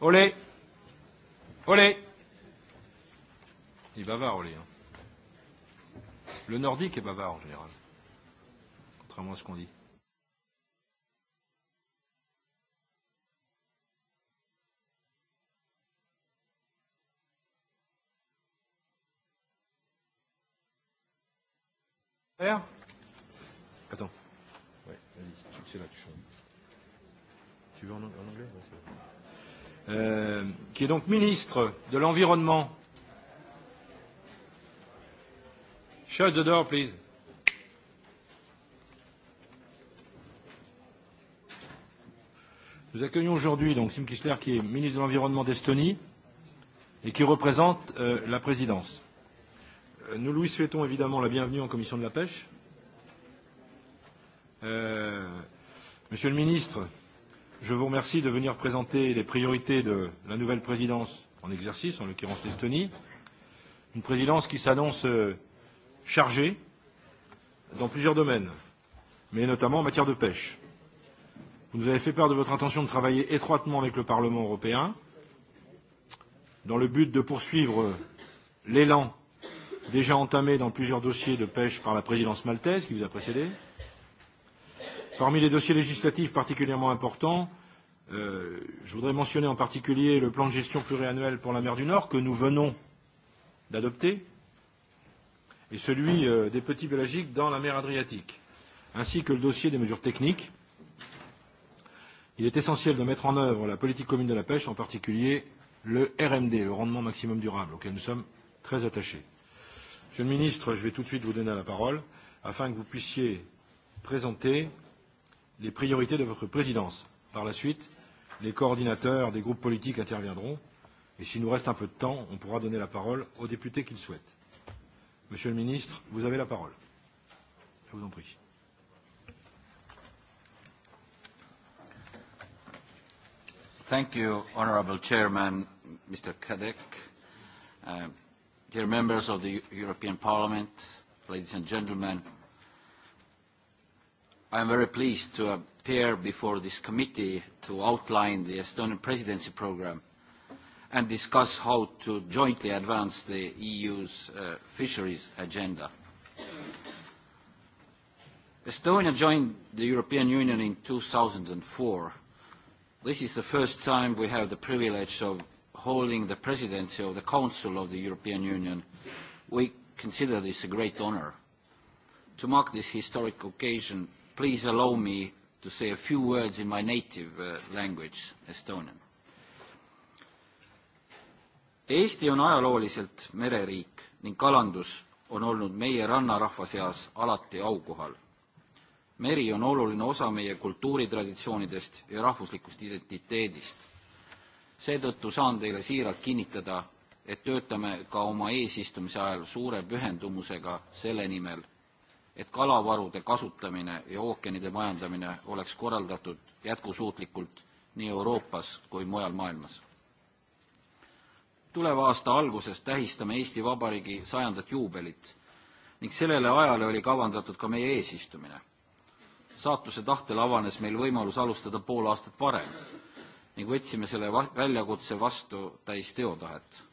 Olé Olé Il est bavard, Olé. Hein. Le nordique est bavard en général, contrairement à ce qu'on dit. donc ministre de l'Environnement. Shut the door, please. Nous accueillons aujourd'hui donc Sim Kistler, qui est ministre de l'Environnement d'Estonie et qui représente euh, la présidence. Euh, nous lui souhaitons évidemment la bienvenue en commission de la pêche. Euh, monsieur le ministre, Je vous remercie de venir présenter les priorités de la nouvelle présidence en exercice, en l'occurrence l'Estonie. Une présidence qui s'annonce euh, chargée dans plusieurs domaines, mais notamment en matière de pêche. Vous nous avez fait part de votre intention de travailler étroitement avec le Parlement européen dans le but de poursuivre l'élan déjà entamé dans plusieurs dossiers de pêche par la présidence maltaise qui vous a précédé, Parmi les dossiers législatifs particulièrement importants, euh, je voudrais mentionner en particulier le plan de gestion pluriannuel pour la mer du Nord que nous venons d'adopter et celui euh, des petits pélagiques dans la mer Adriatique, ainsi que le dossier des mesures techniques. Il est essentiel de mettre en œuvre la politique commune de la pêche, en particulier le RMD, le rendement maximum durable, auquel nous sommes très attachés. Monsieur le ministre, je vais tout de suite vous donner la parole afin que vous puissiez présenter les priorités de votre présidence. Par la suite, les coordinateurs des groupes politiques interviendront et s'il nous reste un peu de temps, on pourra donner la parole aux députés qui le souhaitent. Monsieur le ministre, vous avez la parole. Je vous en prie.
Thank you, Honorable Chairman, Mr. Kadek. Uh, dear members of the European Parliament, ladies and gentlemen, I am very pleased to appear before this committee to outline the Estonian presidency programme and discuss how to jointly advance the EU's uh, fisheries agenda. Estonia joined the European Union in 2004. This is the first time we have the privilege of holding the presidency of the Council of the European Union. We consider this a great honour. To mark this historic occasion, please allow me to say a few words in my native uh, language, Estonian. Eesti on ajalooliselt mereriik ning kalandus on olnud meie rannarahva seas alati aukohal. meri on oluline osa meie kultuuritraditsioonidest ja rahvuslikust identiteedist. seetõttu saan teile siiralt kinnitada, et töötame ka oma eesistumise ajal suure pühendumusega selle nimel, et kalavarude kasutamine ja ookeanide majandamine oleks korraldatud jätkusuutlikult nii Euroopas kui mujal maailmas. Tuleva aasta alguses tähistame Eesti Vabariigi sajandat juubelit ning sellele ajale oli kavandatud ka meie eesistumine. Saatuse tahtel avanes meil võimalus alustada pool aastat varem ning võtsime selle väljakutse vastu täis teotahet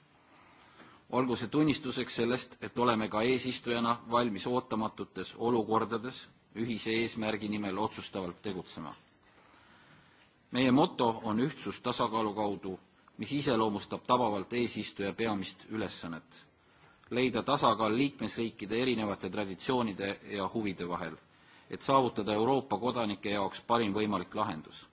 olgu see tunnistuseks sellest, et oleme ka eesistujana valmis ootamatutes olukordades ühise eesmärgi nimel otsustavalt tegutsema. meie moto on ühtsus tasakaalu kaudu, mis iseloomustab tabavalt eesistuja peamist ülesannet leida tasakaal liikmesriikide erinevate traditsioonide ja huvide vahel, et saavutada Euroopa kodanike jaoks parim võimalik lahendus.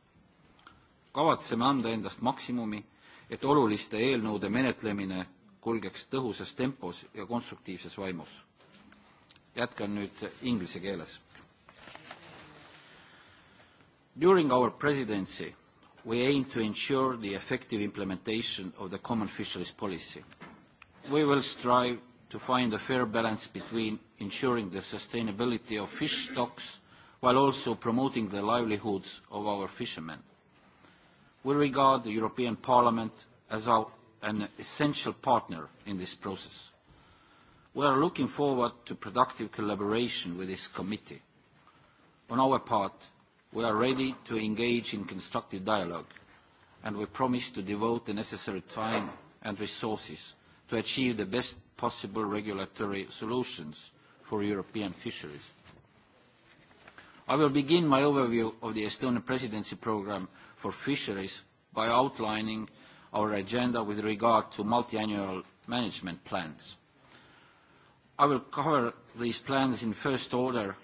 kavatseme anda endast maksimumi, et oluliste eelnõude menetlemine kulgeks tõhusas tempos ja konstruktiivses vaimus. jätkan nüüd inglise keeles. During our presidency we aim to ensure the effective implementation of the common fisheries policy. We will strive to find a fair balance between ensuring the sustainability of fish stocks while also promoting the livelihoods of our fishermen. We regard the European Parliament as our, an essential partner in this process. We are looking forward to productive collaboration with this committee. On our part, we are ready to engage in constructive dialogue, and we promise to devote the necessary time and resources to achieve the best possible regulatory solutions for European fisheries. I will begin my overview of the Estonian presidency programme for fisheries by outlining our agenda with regard to multiannual management plans. I will cover these plans in first order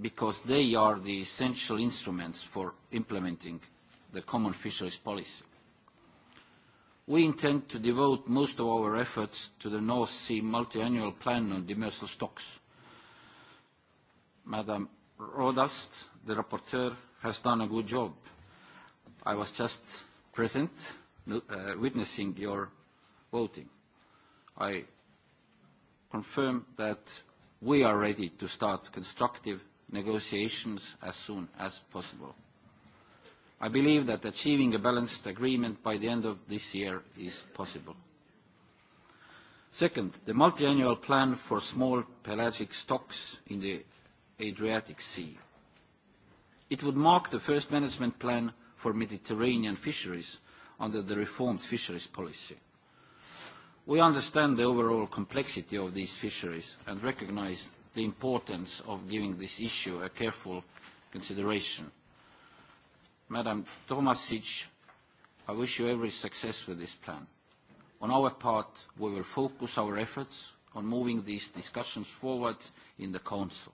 because they are the essential instruments for implementing the common fisheries policy. We intend to devote most of our efforts to the North Sea Multiannual Plan on Demersal Stocks. Madam Rodast, the rapporteur, has done a good job. I was just present Uh, witnessing your voting. I confirm that we are ready to start constructive negotiations as soon as possible. I believe that achieving a balanced agreement by the end of this year is possible. Second, the multi-annual plan for small pelagic stocks in the Adriatic Sea. It would mark the first management plan for Mediterranean fisheries under the reformed fisheries policy. We understand the overall complexity of these fisheries and recognize the importance of giving this issue a careful consideration. Madam Tomasic, I wish you every success with this plan. On our part, we will focus our efforts on moving these discussions forward in the Council.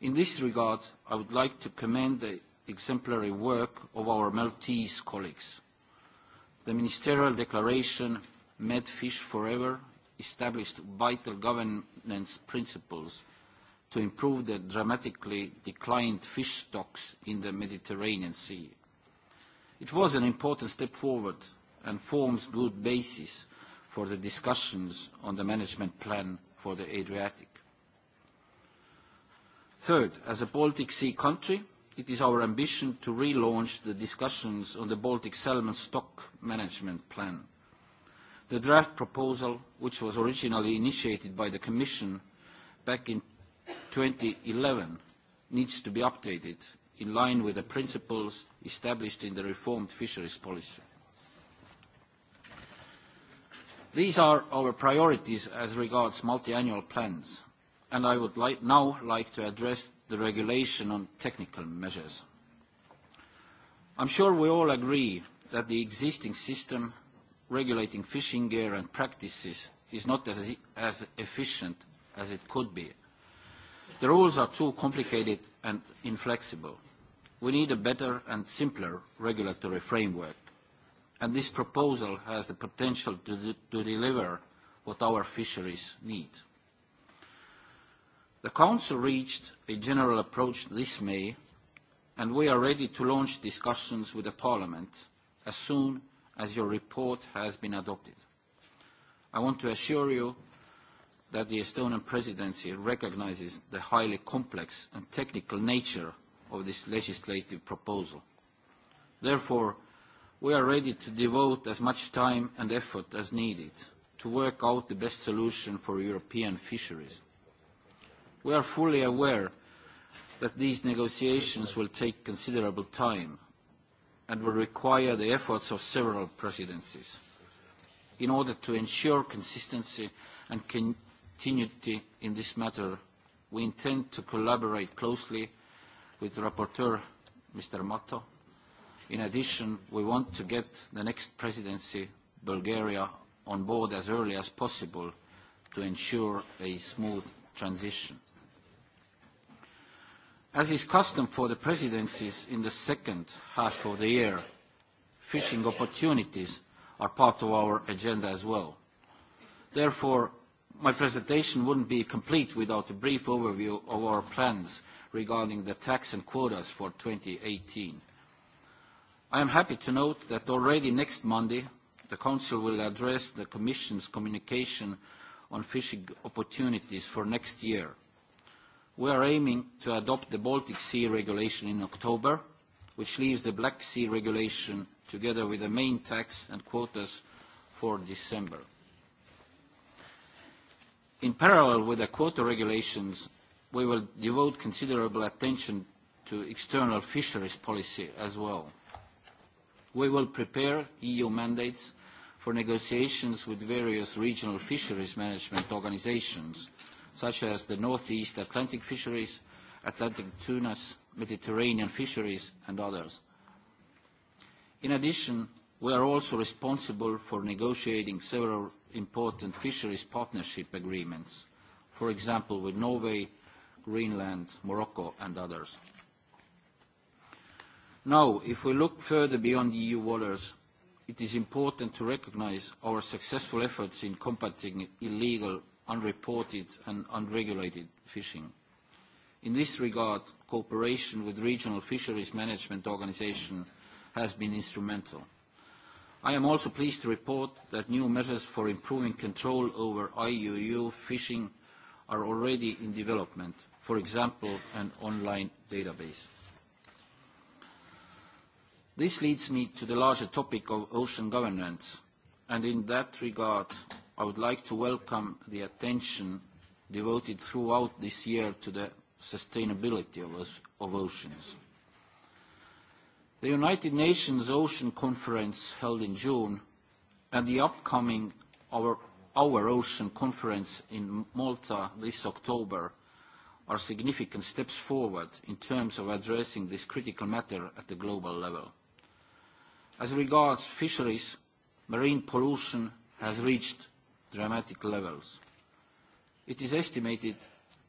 In this regard, I would like to commend the exemplary work of our Maltese colleagues. The ministerial declaration, Med Fish Forever, established vital governance principles to improve the dramatically declined fish stocks in the Mediterranean Sea. It was an important step forward and forms good basis for the discussions on the management plan for the Adriatic. Third, as a Baltic Sea country, it is our ambition to relaunch the discussions on the Baltic Salmon Stock Management Plan. The draft proposal, which was originally initiated by the Commission back in 2011, needs to be updated in line with the principles established in the reformed fisheries policy. These are our priorities as regards multi-annual plans, and I would now like to address the regulation on technical measures. I'm sure we all agree that the existing system regulating fishing gear and practices is not as, e-, as efficient as it could be. The rules are too complicated and inflexible. We need a better and simpler regulatory framework, and this proposal has the potential to, to deliver what our fisheries need. The Council reached a general approach this May, and we are ready to launch discussions with the Parliament as soon as your report has been adopted. I want to assure you that the Estonian presidency recognises the highly complex and technical nature of this legislative proposal. Therefore, we are ready to devote as much time and effort as needed to work out the best solution for European fisheries. We are fully aware that these negotiations will take considerable time and will require the efforts of several presidencies in order to ensure consistency and continuity in this matter we intend to collaborate closely with rapporteur mr mato in addition we want to get the next presidency bulgaria on board as early as possible to ensure a smooth transition As is custom for the presidencies in the second half of the year, fishing opportunities are part of our agenda as well. Therefore, my presentation wouldn't be complete without a brief overview of our plans regarding the tax and quotas for 2018. I am happy to note that already next Monday, the Council will address the Commission's communication on fishing opportunities for next year. We are aiming to adopt the Baltic Sea regulation in October, which leaves the Black Sea regulation together with the main tax and quotas for December. In parallel with the quota regulations, we will devote considerable attention to external fisheries policy as well. We will prepare EU mandates for negotiations with various regional fisheries management organizations, such as the Northeast Atlantic fisheries, Atlantic tunas, Mediterranean fisheries, and others. In addition, we are also responsible for negotiating several important fisheries partnership agreements, for example with Norway, Greenland, Morocco, and others. Now, if we look further beyond EU e waters, it is important to recognize our successful efforts in combating illegal unreported and unregulated fishing. In this regard, cooperation with regional fisheries management organization has been instrumental. I am also pleased to report that new measures for improving control over IUU fishing are already in development, for example, an online database. This leads me to the larger topic of ocean governance, and in that regard, I would like to welcome the attention devoted throughout this year to the sustainability of, of oceans. The United Nations Ocean Conference held in June and the upcoming our, our Ocean Conference in Malta this October are significant steps forward in terms of addressing this critical matter at the global level. As regards fisheries, marine pollution has reached dramatic levels. It is estimated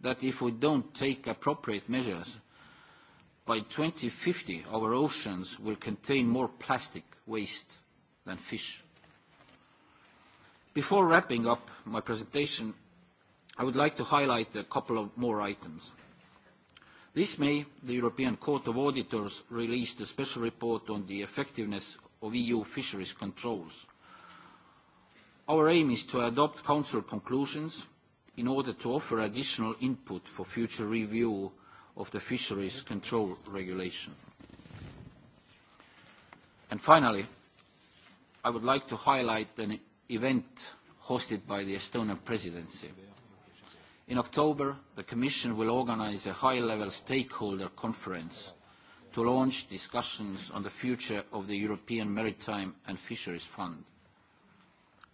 that if we don't take appropriate measures, by 2050 our oceans will contain more plastic waste than fish. Before wrapping up my presentation, I would like to highlight a couple of more items. This May, the European Court of Auditors released a special report on the effectiveness of EU fisheries controls. Our aim is to adopt Council conclusions in order to offer additional input for future review of the fisheries control regulation. And finally, I would like to highlight an event hosted by the Estonian presidency. In October, the Commission will organise a high-level stakeholder conference to launch discussions on the future of the European Maritime and Fisheries Fund.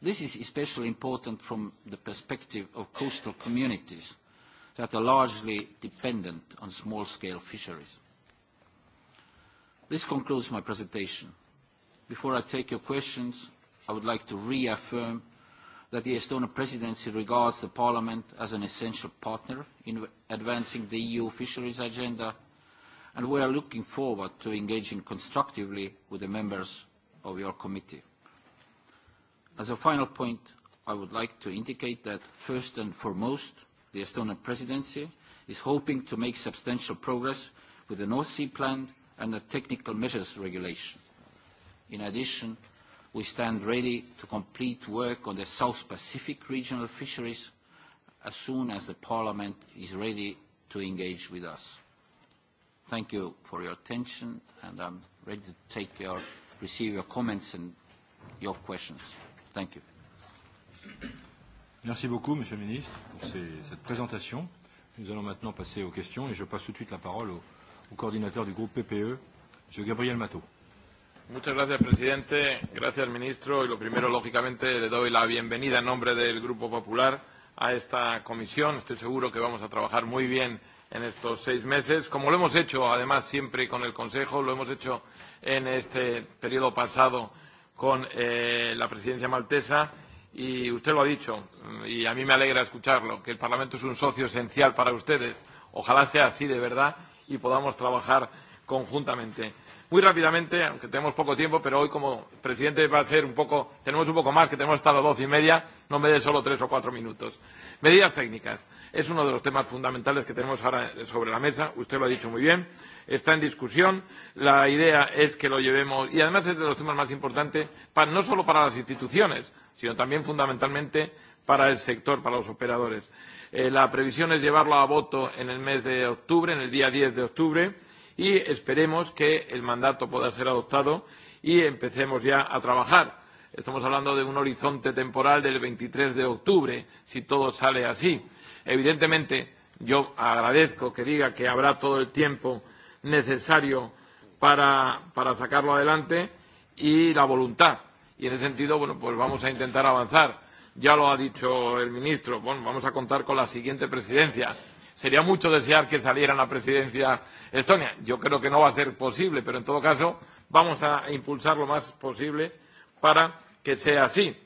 This is especially important from the perspective of coastal communities that are largely dependent on small-scale fisheries. This concludes my presentation. Before I take your questions, I would like to reaffirm that the Estonian presidency regards the Parliament as an essential partner in advancing the EU fisheries agenda, and we are looking forward to engaging constructively with the members of your committee. As a final point, I would like to indicate that first and foremost, the Estonian presidency is hoping to make substantial progress with the North Sea Plan and the technical measures regulation. In addition, we stand ready to complete work on the South Pacific regional fisheries as soon as the Parliament is ready to engage with us. Thank you for your attention, and I'm ready to take your, receive your comments and your questions. Thank you.
Merci beaucoup, Monsieur le Ministre, pour ces, cette présentation. Nous allons maintenant passer aux questions et je passe tout de suite la parole au, au coordinateur du groupe PPE, M. Gabriel Mato.
Muchas gracias, presidente. Gracias ministro. Y lo primero, lógicamente, le doy la bienvenida en nombre del Grupo Popular a esta comisión. Estoy seguro que vamos a trabajar muy bien en estos seis meses, como lo hemos hecho, además, siempre con el Consejo, lo hemos hecho en este periodo pasado con eh, la presidencia maltesa y usted lo ha dicho y a mí me alegra escucharlo, que el Parlamento es un socio esencial para ustedes. Ojalá sea así de verdad y podamos trabajar conjuntamente. Muy rápidamente, aunque tenemos poco tiempo, pero hoy como presidente va a ser un poco, tenemos un poco más, que tenemos hasta las doce y media, no me dé solo tres o cuatro minutos. Medidas técnicas es uno de los temas fundamentales que tenemos ahora sobre la mesa. Usted lo ha dicho muy bien. Está en discusión. La idea es que lo llevemos y además es de los temas más importantes para, no solo para las instituciones, sino también fundamentalmente para el sector, para los operadores. Eh, la previsión es llevarlo a voto en el mes de octubre, en el día 10 de octubre, y esperemos que el mandato pueda ser adoptado y empecemos ya a trabajar. Estamos hablando de un horizonte temporal del 23 de octubre, si todo sale así. Evidentemente, yo agradezco que diga que habrá todo el tiempo necesario para, para sacarlo adelante y la voluntad. Y en ese sentido, bueno, pues vamos a intentar avanzar. Ya lo ha dicho el ministro, bueno, vamos a contar con la siguiente presidencia. Sería mucho desear que saliera la presidencia Estonia. Yo creo que no va a ser posible, pero en todo caso vamos a impulsar lo más posible para que sea así.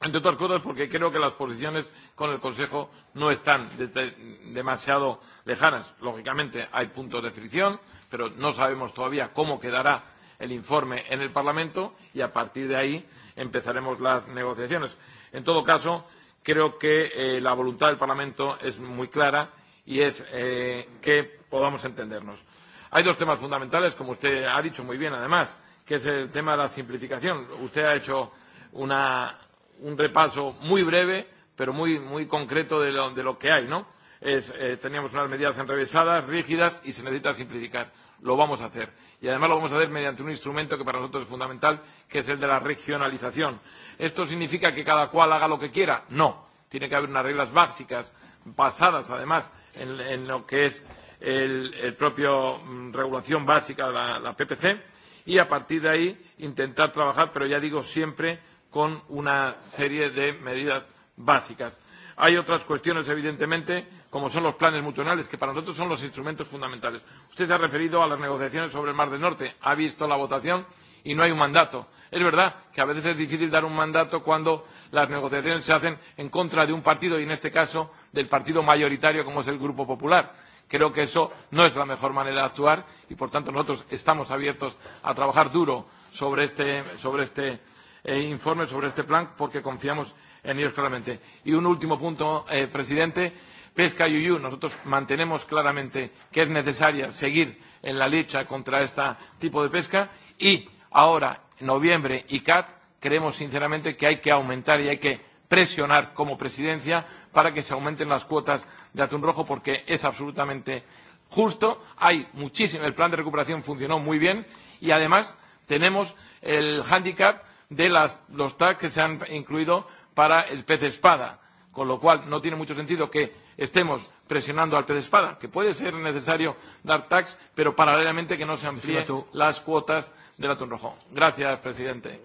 Entre otras cosas porque creo que las posiciones con el Consejo no están de, de, demasiado lejanas. Lógicamente hay puntos de fricción, pero no sabemos todavía cómo quedará el informe en el Parlamento y a partir de ahí empezaremos las negociaciones. En todo caso, creo que eh, la voluntad del Parlamento es muy clara y es eh, que podamos entendernos. Hay dos temas fundamentales, como usted ha dicho muy bien, además, que es el tema de la simplificación. Usted ha hecho una, un repaso muy breve pero muy, muy concreto de lo, de lo que hay, ¿no? Es, eh, teníamos unas medidas enrevesadas, rígidas y se necesita simplificar. Lo vamos a hacer. Y además lo vamos a hacer mediante un instrumento que para nosotros es fundamental, que es el de la regionalización. ¿Esto significa que cada cual haga lo que quiera? No. Tiene que haber unas reglas básicas, basadas además en, en lo que es el, el propio mm, regulación básica, de la, la PPC, y a partir de ahí intentar trabajar, pero ya digo, siempre con una serie de medidas básicas. Hay otras cuestiones, evidentemente, como son los planes mutuales, que para nosotros son los instrumentos fundamentales. Usted se ha referido a las negociaciones sobre el Mar del Norte. Ha visto la votación y no hay un mandato. Es verdad que a veces es difícil dar un mandato cuando las negociaciones se hacen en contra de un partido y, en este caso, del partido mayoritario como es el Grupo Popular. Creo que eso no es la mejor manera de actuar y, por tanto, nosotros estamos abiertos a trabajar duro sobre este, sobre este eh, informe, sobre este plan, porque confiamos en ellos claramente. Y un último punto, eh, presidente. Pesca y UU, nosotros mantenemos claramente que es necesaria seguir en la lucha contra este tipo de pesca y ahora, en noviembre, y CAT, creemos sinceramente que hay que aumentar y hay que presionar como presidencia para que se aumenten las cuotas de atún rojo porque es absolutamente justo. Hay muchísimo, el plan de recuperación funcionó muy bien y además tenemos el hándicap de las, los TAC que se han incluido para el pez de espada, con lo cual no tiene mucho sentido que estemos presionando al pez de espada, que puede ser necesario dar tax, pero paralelamente que no se amplíen las cuotas del atún rojo. Gracias, presidente.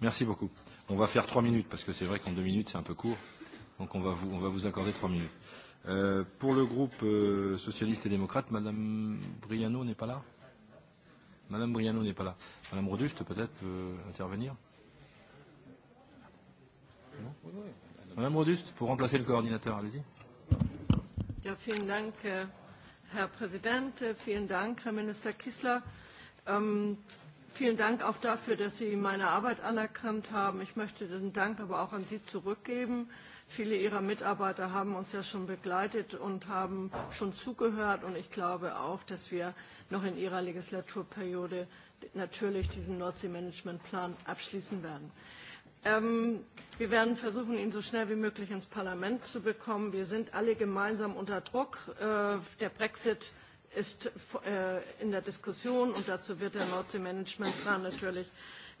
Merci beaucoup. On va faire trois minutes parce que c'est vrai qu'en deux minutes c'est un peu court, donc on va vous, on va vous accorder trois minutes. Euh, pour le groupe euh, socialiste et démocrate, Madame Briano n'est pas là. Madame Briano n'est pas là. Madame Roduste peut-être peut intervenir. Non oui, oui. Madame Roduste, pour remplacer le coordinateur, allez-y.
Ja, vielen Dank, äh, Herr Präsident. Äh, vielen Dank, Herr Minister Kissler. Ähm, vielen Dank auch dafür, dass Sie meine Arbeit anerkannt haben. Ich möchte den Dank aber auch an Sie zurückgeben. Viele Ihrer Mitarbeiter haben uns ja schon begleitet und haben schon zugehört. Und ich glaube auch, dass wir noch in Ihrer Legislaturperiode natürlich diesen Nordsee-Management-Plan abschließen werden. Ähm, wir werden versuchen, ihn so schnell wie möglich ins Parlament zu bekommen. Wir sind alle gemeinsam unter Druck. Äh, der Brexit ist äh, in der Diskussion und dazu wird der Nordsee-Managementplan natürlich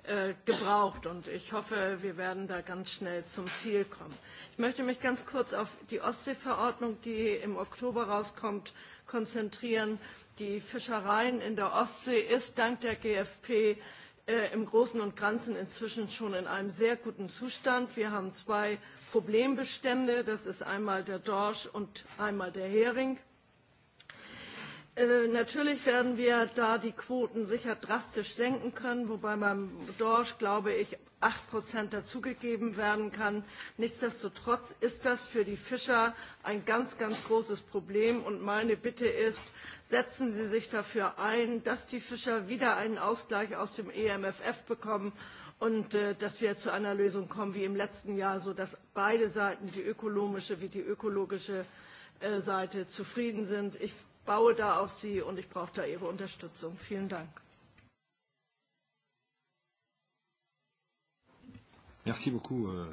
äh, gebraucht. Und ich hoffe, wir werden da ganz schnell zum Ziel kommen. Ich möchte mich ganz kurz auf die Ostsee-Verordnung, die im Oktober rauskommt, konzentrieren. Die Fischereien in der Ostsee ist dank der GFP Äh, im Großen und Ganzen inzwischen schon in einem sehr guten Zustand. Wir haben zwei Problembestände, das ist einmal der Dorsch und einmal der Hering. Äh, natürlich werden wir da die Quoten sicher drastisch senken können, wobei beim Dorsch, glaube ich, 8 Prozent dazugegeben werden kann. Nichtsdestotrotz ist das für die Fischer ein ganz, ganz großes Problem. Und meine Bitte ist, setzen Sie sich dafür ein, dass die Fischer wieder einen Ausgleich aus dem EMFF bekommen und äh, dass wir zu einer Lösung kommen wie im letzten Jahr, sodass beide Seiten, die ökonomische wie die ökologische äh, Seite, zufrieden sind. Ich baue da auf Sie und ich brauche da Ihre Unterstützung. Vielen Dank.
Merci beaucoup, euh,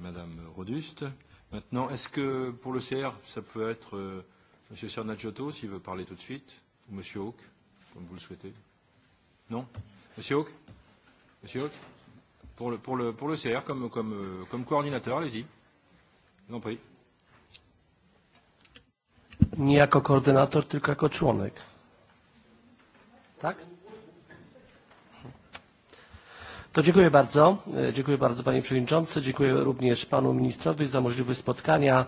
Madame Rodust. Maintenant, est-ce que pour le CR, ça peut être euh, Monsieur Sernagiotto, s'il veut parler tout de suite, ou Monsieur Hawk, comme vous le souhaitez Non Monsieur Hawk Monsieur Hawk pour le, pour, le, pour le CR, comme, comme, euh, comme coordinateur, allez-y. Je vous en prie.
Nie jako koordynator, tylko jako członek. Tak? To dziękuję bardzo. E, dziękuję bardzo Panie Przewodniczący. Dziękuję również Panu Ministrowi za możliwość spotkania.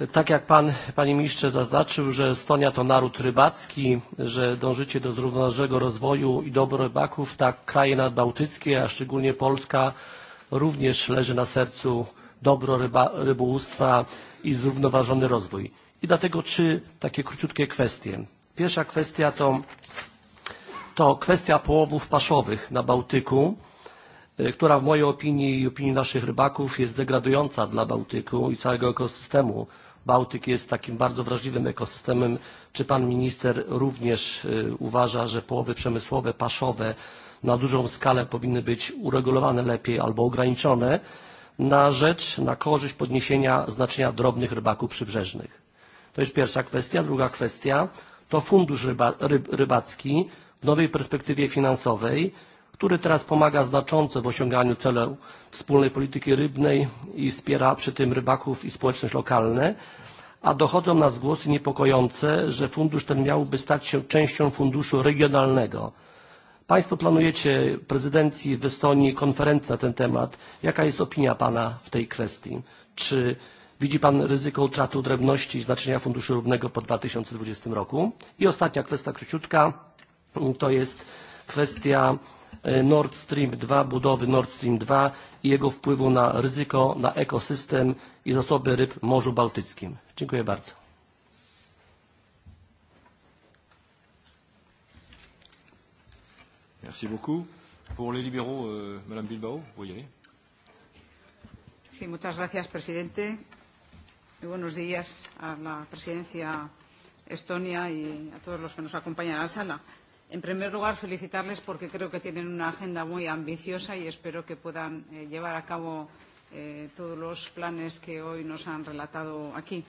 E, tak jak Pan, Panie Ministrze, zaznaczył, że Estonia to naród rybacki, że dążycie do zrównoważonego rozwoju i dobro rybaków, tak kraje nadbałtyckie, a szczególnie Polska, również leży na sercu dobro ryba, rybołówstwa i zrównoważony rozwój. I dlatego trzy takie króciutkie kwestie. Pierwsza kwestia to, to kwestia połowów paszowych na Bałtyku, e, która w mojej opinii i opinii naszych rybaków jest degradująca dla Bałtyku i całego ekosystemu. Bałtyk jest takim bardzo wrażliwym ekosystemem. Czy pan minister również e, uważa, że połowy przemysłowe, paszowe na dużą skalę powinny być uregulowane lepiej albo ograniczone na rzecz, na korzyść podniesienia znaczenia drobnych rybaków przybrzeżnych? To jest pierwsza kwestia. Druga kwestia to fundusz ryba, ryb, rybacki w nowej perspektywie finansowej, który teraz pomaga znacząco w osiąganiu celu wspólnej polityki rybnej i wspiera przy tym rybaków i społeczność lokalne, a dochodzą nas głosy niepokojące, że fundusz ten miałby stać się częścią funduszu regionalnego. Państwo planujecie prezydencji w Estonii konferencję na ten temat. Jaka jest opinia Pana w tej kwestii? Czy Widzi Pan ryzyko utraty odrębności i znaczenia Funduszu Równego po 2020 roku? I ostatnia kwestia króciutka to jest kwestia e, Nord Stream 2, budowy Nord Stream 2 i jego wpływu na ryzyko, na ekosystem i zasoby ryb w Morzu Bałtyckim. Dziękuję bardzo. Merci beaucoup.
Pour les libéraux, euh, Madame Bilbao, vous y allez.
Sí, muchas gracias, presidente. Muy buenos días a la presidencia estonia y a todos los que nos acompañan a la sala. En primer lugar, felicitarles porque creo que tienen una agenda muy ambiciosa y espero que puedan eh, llevar a cabo eh, todos los planes que hoy nos han relatado aquí.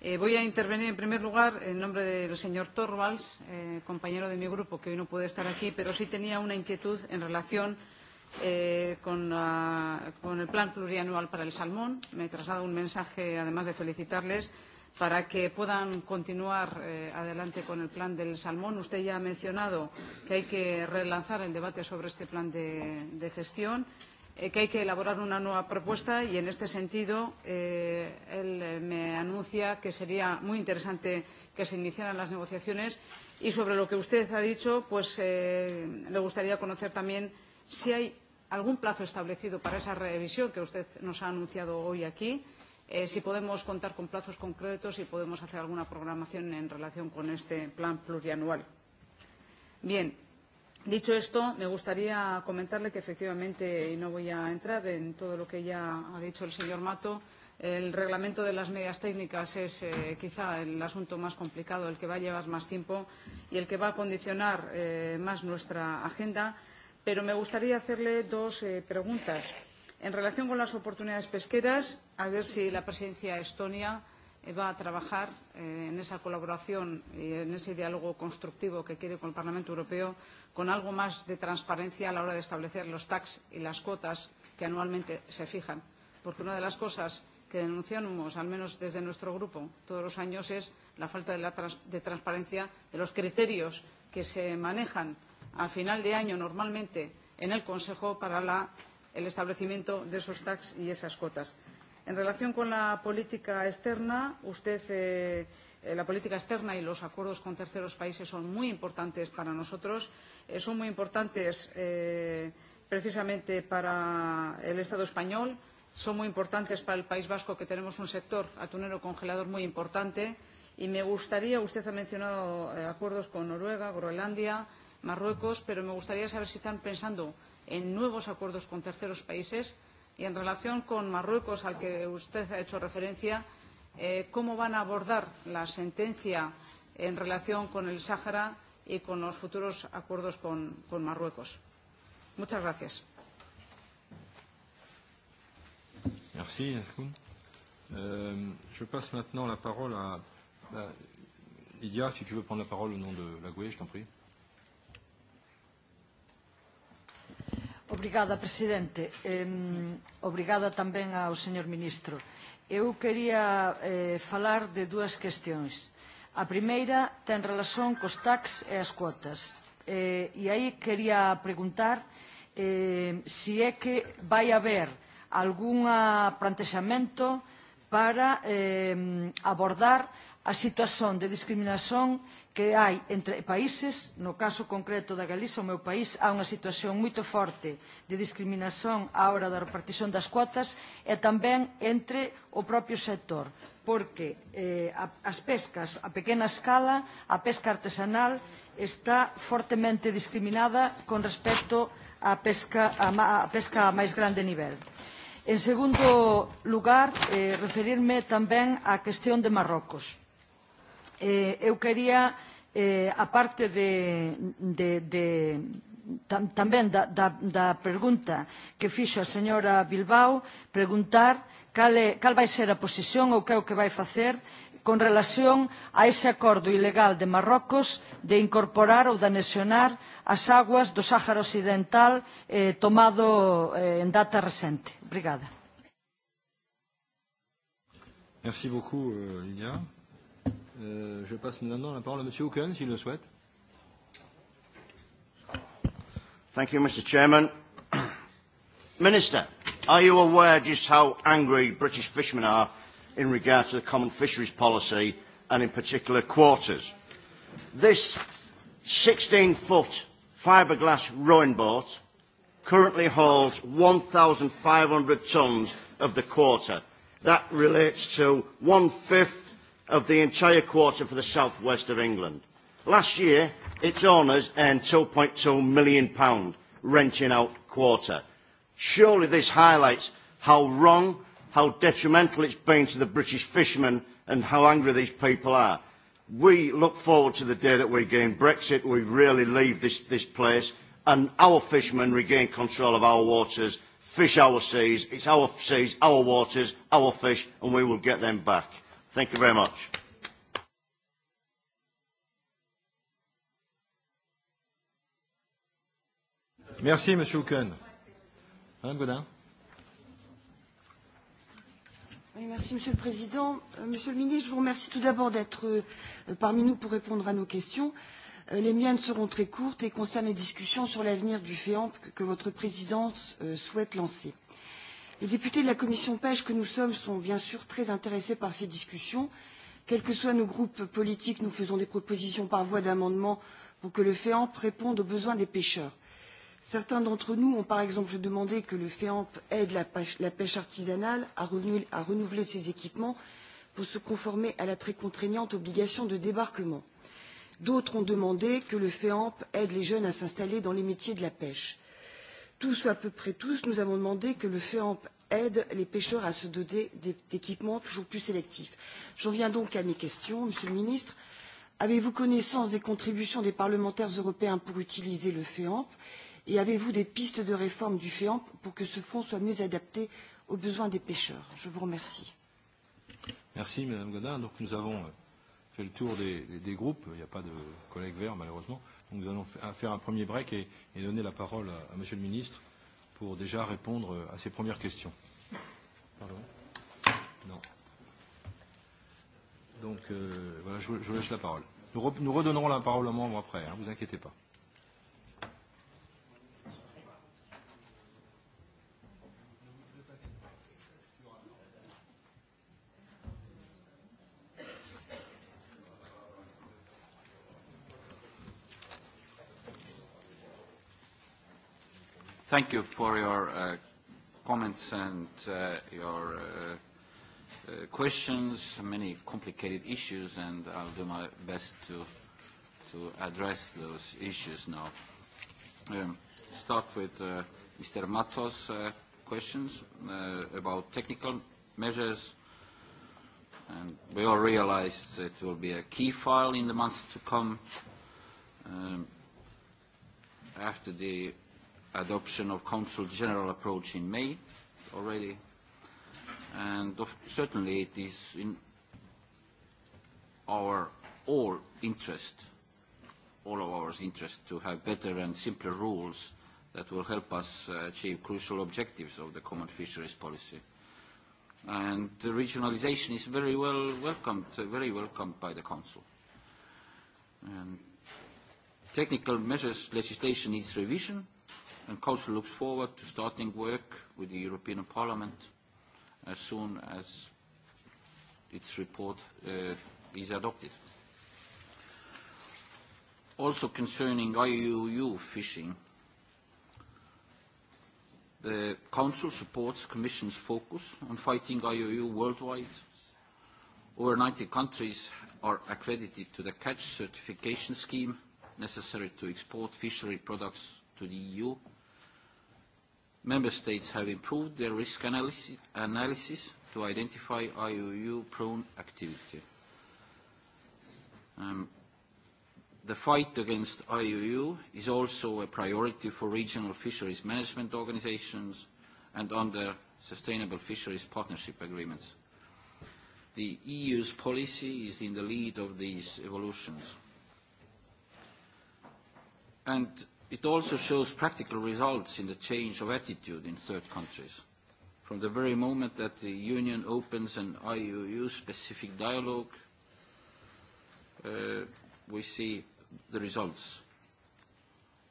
Eh, voy a intervenir en primer lugar en nombre del señor Torvalds, eh, compañero de mi grupo, que hoy no puede estar aquí, pero sí tenía una inquietud en relación con eh, con, la, con el Plan Plurianual para el Salmón. Me traslado un mensaje, además de felicitarles, para que puedan continuar eh, adelante con el plan del salmón. Usted ya ha mencionado que hay que relanzar el debate sobre este plan de, de gestión, eh, que hay que elaborar una nueva propuesta y, en este sentido, eh, él eh, me anuncia que sería muy interesante que se iniciaran las negociaciones. Y sobre lo que usted ha dicho, pues eh, le gustaría conocer también si hay algún plazo establecido para esa revisión que usted nos ha anunciado hoy aquí, eh, si podemos contar con plazos concretos y podemos hacer alguna programación en relación con este plan plurianual. Bien, dicho esto, me gustaría comentarle que efectivamente, y no voy a entrar en todo lo que ya ha dicho el señor Mato, el reglamento de las medidas técnicas es eh, quizá el asunto más complicado, el que va a llevar más tiempo y el que va a condicionar eh, más nuestra agenda pero me gustaría hacerle dos eh, preguntas. En relación con las oportunidades pesqueras, a ver si la presidencia estonia eh, va a trabajar eh, en esa colaboración y en ese diálogo constructivo que quiere con el Parlamento Europeo con algo más de transparencia a la hora de establecer los tax y las cuotas que anualmente se fijan. Porque una de las cosas que denunciamos, al menos desde nuestro grupo, todos los años es la falta de, la trans de transparencia de los criterios que se manejan a final de año normalmente en el Consejo para la, el establecimiento de esos tax y esas cuotas. En relación con la política externa, usted, eh, eh, la política externa y los acuerdos con terceros países son muy importantes para nosotros. Eh, son muy importantes eh, precisamente para el Estado español, son muy importantes para el País Vasco, que tenemos un sector atunero congelador muy importante. Y me gustaría, usted ha mencionado eh, acuerdos con Noruega, Groenlandia, Marruecos, pero me gustaría saber si están pensando en nuevos acuerdos con terceros países y en relación con Marruecos, al que usted ha hecho referencia, eh, cómo van a abordar la sentencia en relación con el Sáhara y con los futuros acuerdos con, con Marruecos. Muchas gracias.
Merci, Elfoun. Euh, je passe maintenant la parole à, à Lydia, si tu veux prendre la parole au nom de la GUE, je t'en prie.
Obrigada, Presidente. Eh, obrigada tamén ao señor Ministro. Eu quería eh, falar de dúas cuestións. A primeira ten relación cos tax e as cuotas. Eh, e aí quería preguntar eh, si é que vai haber algún plantexamento para eh, abordar a situación de discriminación que hai entre países, no caso concreto da Galiza, o meu país, há unha situación moito forte de discriminación á hora da repartición das cuotas e tamén entre o propio sector, porque eh, as pescas a pequena escala, a pesca artesanal, está fortemente discriminada con respecto á pesca a, pesca a máis grande nivel. En segundo lugar, eh, referirme tamén á cuestión de Marrocos Eh, eu quería, eh, aparte de, de, de tam, tamén da, da, da pregunta que fixo a señora Bilbao, preguntar cal, é, cal vai ser a posición ou que é o que vai facer con relación a ese acordo ilegal de Marrocos de incorporar ou de anexionar as aguas do Sáhara Occidental eh, tomado eh, en data recente. Obrigada.
Merci beaucoup, euh, Lilia. Euh, je passe maintenant la parole à Monsieur Hawken, s'il le souhaite.
Thank you, Mr. Chairman. Minister, are you aware just how angry British fishermen are in regard to the common fisheries policy and in particular quarters? This 16-foot fiberglass rowing boat currently holds 1,500 tonnes of the quarter. That relates to one-fifth of the entire quarter for the southwest of England. Last year, its owners earned £2.2 million renting out quarter. Surely this highlights how wrong, how detrimental it's been to the British fishermen and how angry these people are. We look forward to the day that we gain Brexit, we really leave this, this place, and our fishermen regain control of our waters, fish our seas, it's our seas, our waters, our fish, and we will get them back. Thank you very much.
Merci, Monsieur Houken. Madame Godin.
Oui, merci, Monsieur le Président. Euh, Monsieur le Ministre, je vous remercie tout d'abord d'être euh, parmi nous pour répondre à nos questions. Euh, les miennes seront très courtes et concernent les discussions sur l'avenir du FEAMP que, votre présidence souhaite lancer. Euh, Les députés de la commission pêche que nous sommes sont bien sûr très intéressés par ces discussions. Quels que soient nos groupes politiques, nous faisons des propositions par voie d'amendement pour que le FEAMP réponde aux besoins des pêcheurs. Certains d'entre nous ont par exemple demandé que le FEAMP aide la pêche, la pêche artisanale à, revenu, à renouveler ses équipements pour se conformer à la très contraignante obligation de débarquement. D'autres ont demandé que le FEAMP aide les jeunes à s'installer dans les métiers de la pêche tous ou à peu près tous, nous avons demandé que le FEAMP aide les pêcheurs à se doter d'équipements toujours plus sélectifs. J'en viens donc à mes questions, Monsieur le Ministre. Avez-vous connaissance des contributions des parlementaires européens pour utiliser le FEAMP et avez-vous des pistes de réforme du FEAMP pour que ce fonds soit mieux adapté aux besoins des pêcheurs Je vous remercie.
Merci Madame Godin. Donc nous avons euh, fait le tour des, des, des groupes. Il n'y a pas de collègues verts malheureusement. Donc nous allons faire un premier break et, et donner la parole à, à Monsieur le Ministre pour déjà répondre euh, à ces premières questions. Pardon Non. Donc euh, voilà, je, je laisse la parole. Nous, re, nous redonnerons la parole aux membres après, ne hein, vous inquiétez pas.
Thank you for your uh, comments and uh, your uh, uh, questions, many complicated issues, and I'll do my best to, to address those issues now. Um, start with uh, Mr. Matos' uh, questions uh, about technical measures. And we all realize it will be a key file in the months to come. Um, after the adoption of Council's general approach in May already. And of, certainly it is in our all interest, all of our interest to have better and simpler rules that will help us uh, achieve crucial objectives of the common fisheries policy. And the regionalization is very well welcomed, uh, very welcomed by the Council. And technical measures legislation needs revision and Council looks forward to starting work with the European Parliament as soon as its report uh, is adopted. Also concerning IUU fishing, the Council supports Commission's focus on fighting IUU worldwide. Over 90 countries are accredited to the catch certification scheme necessary to export fishery products to the EU Member States have improved their risk analysis, analysis to identify IOU-prone activity. Um, the fight against IUU is also a priority for regional fisheries management organizations and under sustainable fisheries partnership agreements. The EU's policy is in the lead of these evolutions. And it also shows practical results in the change of attitude in third countries. From the very moment that the Union opens an iuu specific dialogue, uh, we see the results.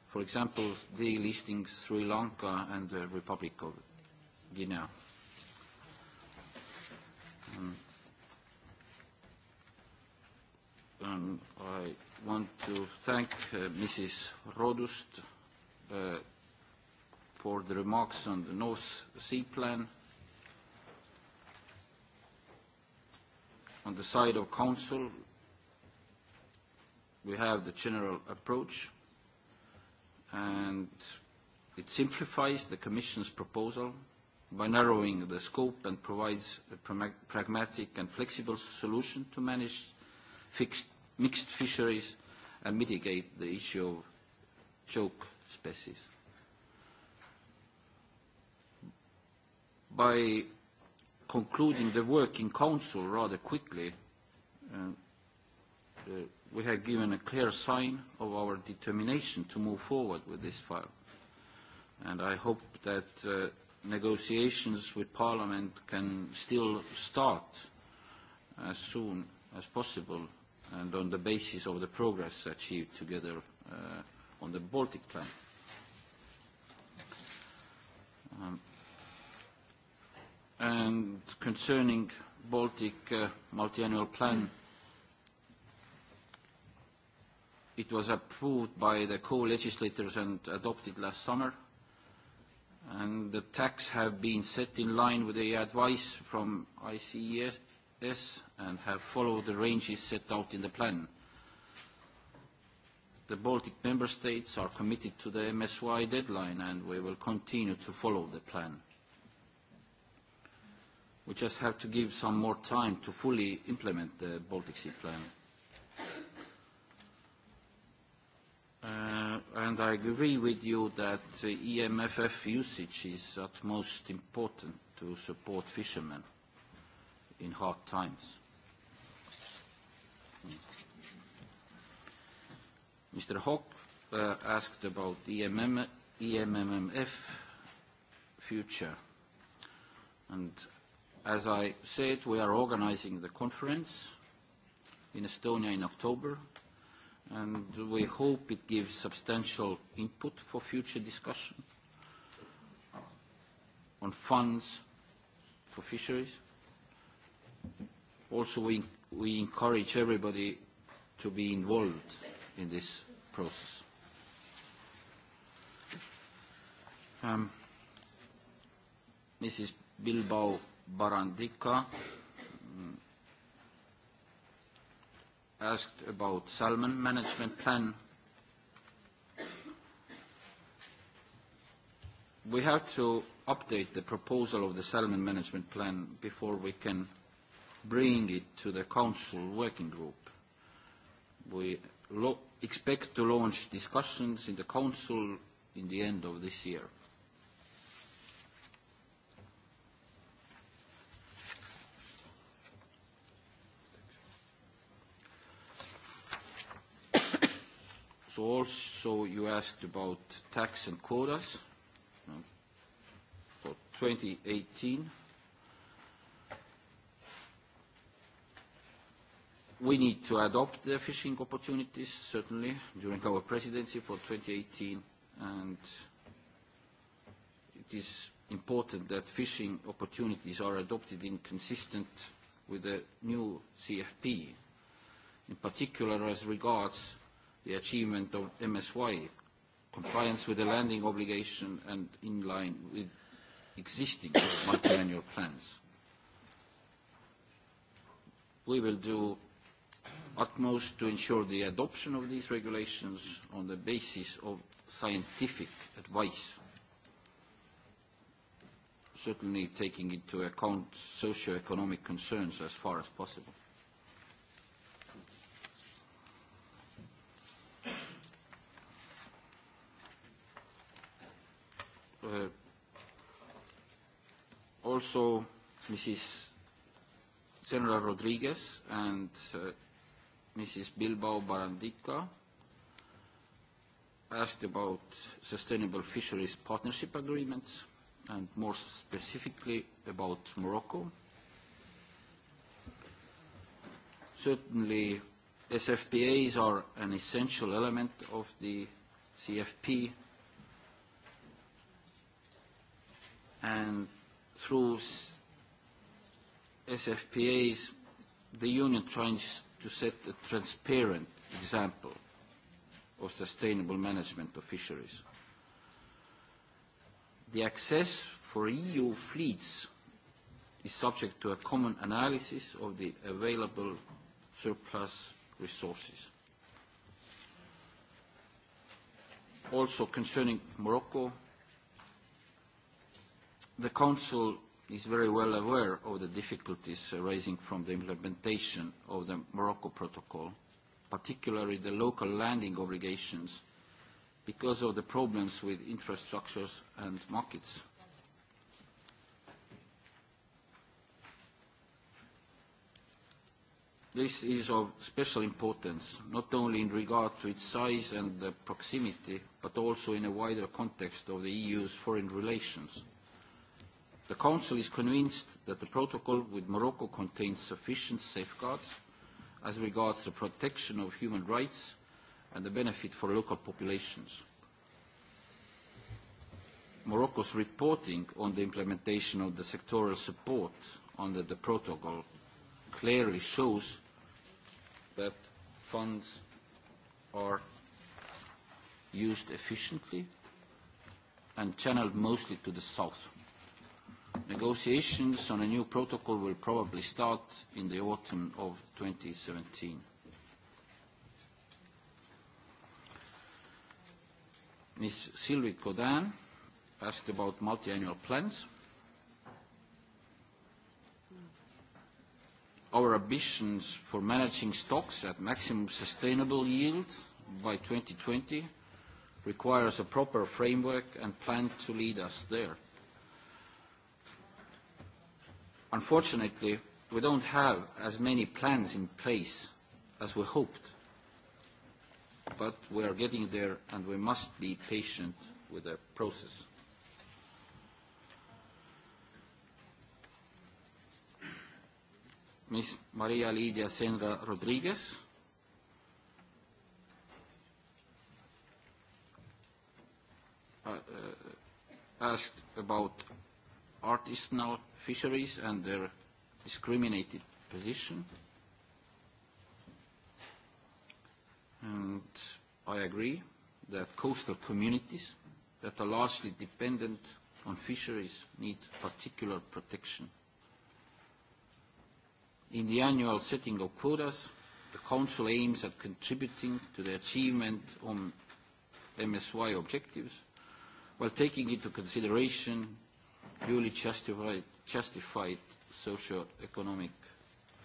For example, delisting Sri Lanka and the Republic of Guinea. Um, um, I want to thank uh, Mrs. Rodust uh, for the remarks on the North Sea Plan. On the side of Council, we have the general approach, and it simplifies the Commission's proposal by narrowing the scope and provides a pragmatic and flexible solution to manage fixed mixed fisheries and mitigate the issue of choke species. By concluding the work in Council rather quickly, uh, uh, we have given a clear sign of our determination to move forward with this file. And I hope that uh, negotiations with Parliament can still start as soon as possible and on the basis of the progress achieved together uh, on the Baltic plan. Um, and concerning Baltic uh, multi-annual plan, it was approved by the co-legislators and adopted last summer. And the tax have been set in line with the advice from ICES is and have followed the ranges set out in the plan. The Baltic member states are committed to the MSY deadline and we will continue to follow the plan. We just have to give some more time to fully implement the Baltic Sea plan. Uh, and I agree with you that EMFF usage is utmost important to support fishermen in hard times. Mr. Hmm. Hock uh, asked about EMM, EMMF future. And as I said, we are organizing the conference in Estonia in October, and we hope it gives substantial input for future discussion on funds for fisheries, also we, we encourage everybody to be involved in this process. Um, Mrs. Bilbao Barandica mm, asked about salmon management plan. We have to update the proposal of the salmon management plan before we can bring it to the Council working group. We expect to launch discussions in the Council in the end of this year. So also you asked about tax and quotas for 2018. We need to adopt the fishing opportunities, certainly, during our presidency for 2018, and it is important that fishing opportunities are adopted in consistent with the new CFP, in particular as regards the achievement of MSY, compliance with the landing obligation and in line with existing multi-annual plans. We will do utmost to ensure the adoption of these regulations on the basis of scientific advice, certainly taking into account socio-economic concerns as far as possible. Uh, also, Mrs. General Rodriguez and uh, Mrs. Bilbao Barandica asked about sustainable fisheries partnership agreements and more specifically about Morocco. Certainly, SFPAs are an essential element of the CFP and through SFPAs, the Union tries to set a transparent example of sustainable management of fisheries. The access for EU fleets is subject to a common analysis of the available surplus resources. Also concerning Morocco, the Council is very well aware of the difficulties arising from the implementation of the Morocco Protocol, particularly the local landing obligations, because of the problems with infrastructures and markets. This is of special importance, not only in regard to its size and the proximity, but also in a wider context of the EU's foreign relations. The Council is convinced that the protocol with Morocco contains sufficient safeguards as regards the protection of human rights and the benefit for local populations. Morocco's reporting on the implementation of the sectoral support under the protocol clearly shows that funds are used efficiently and channeled mostly to the south. Negotiations on a new protocol will probably start in the autumn of 2017. Ms. Sylvie Godin asked about multi-annual plans. Our ambitions for managing stocks at maximum sustainable yield by 2020 requires a proper framework and plan to lead us there. Unfortunately, we don't have as many plans in place as we hoped, but we are getting there and we must be patient with the process. Ms. Maria Lidia Senra Rodriguez. Uh, uh, asked about artisanal fisheries and their discriminated position. And I agree that coastal communities that are largely dependent on fisheries need particular protection. In the annual setting of quotas, the Council aims at contributing to the achievement of MSY objectives while taking into consideration duly justified, justified socio-economic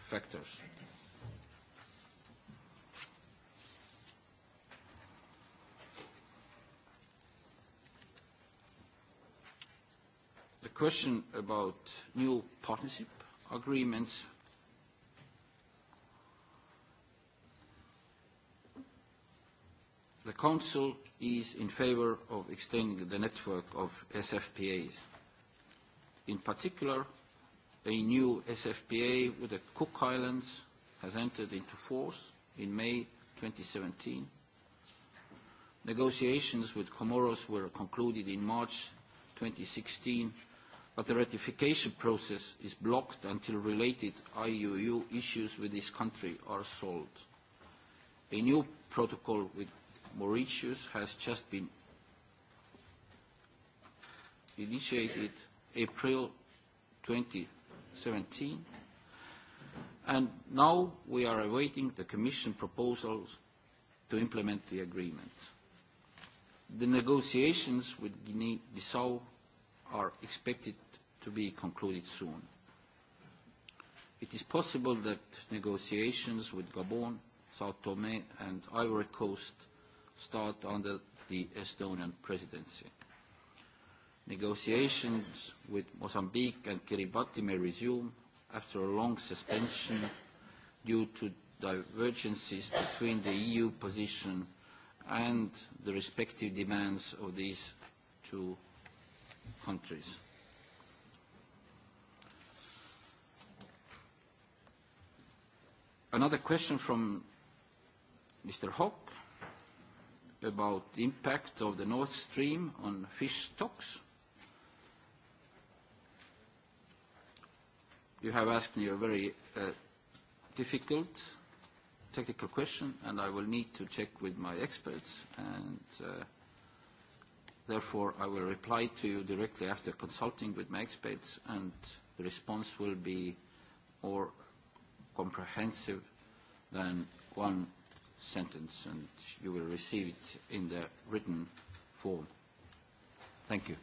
factors. The question about new partnership agreements The Council is in favour of extending the network of SFPAs In particular, a new SFPA with the Cook Islands has entered into force in May 2017. Negotiations with Comoros were concluded in March 2016, but the ratification process is blocked until related IUU issues with this country are solved. A new protocol with Mauritius has just been initiated April 2017. And now we are awaiting the Commission proposals to implement the agreement. The negotiations with Guinea-Bissau are expected to be concluded soon. It is possible that negotiations with Gabon, Sao Tome and Ivory Coast start under the Estonian presidency. Negotiations with Mozambique and Kiribati may resume after a long suspension due to divergences between the EU position and the respective demands of these two countries. Another question from Mr. Hawke about the impact of the North Stream on fish stocks. you have asked me a very uh, difficult technical question, and I will need to check with my experts, and uh, therefore I will reply to you directly after consulting with my experts, and the response will be more comprehensive than one sentence, and you will receive it in the
written form. Thank you.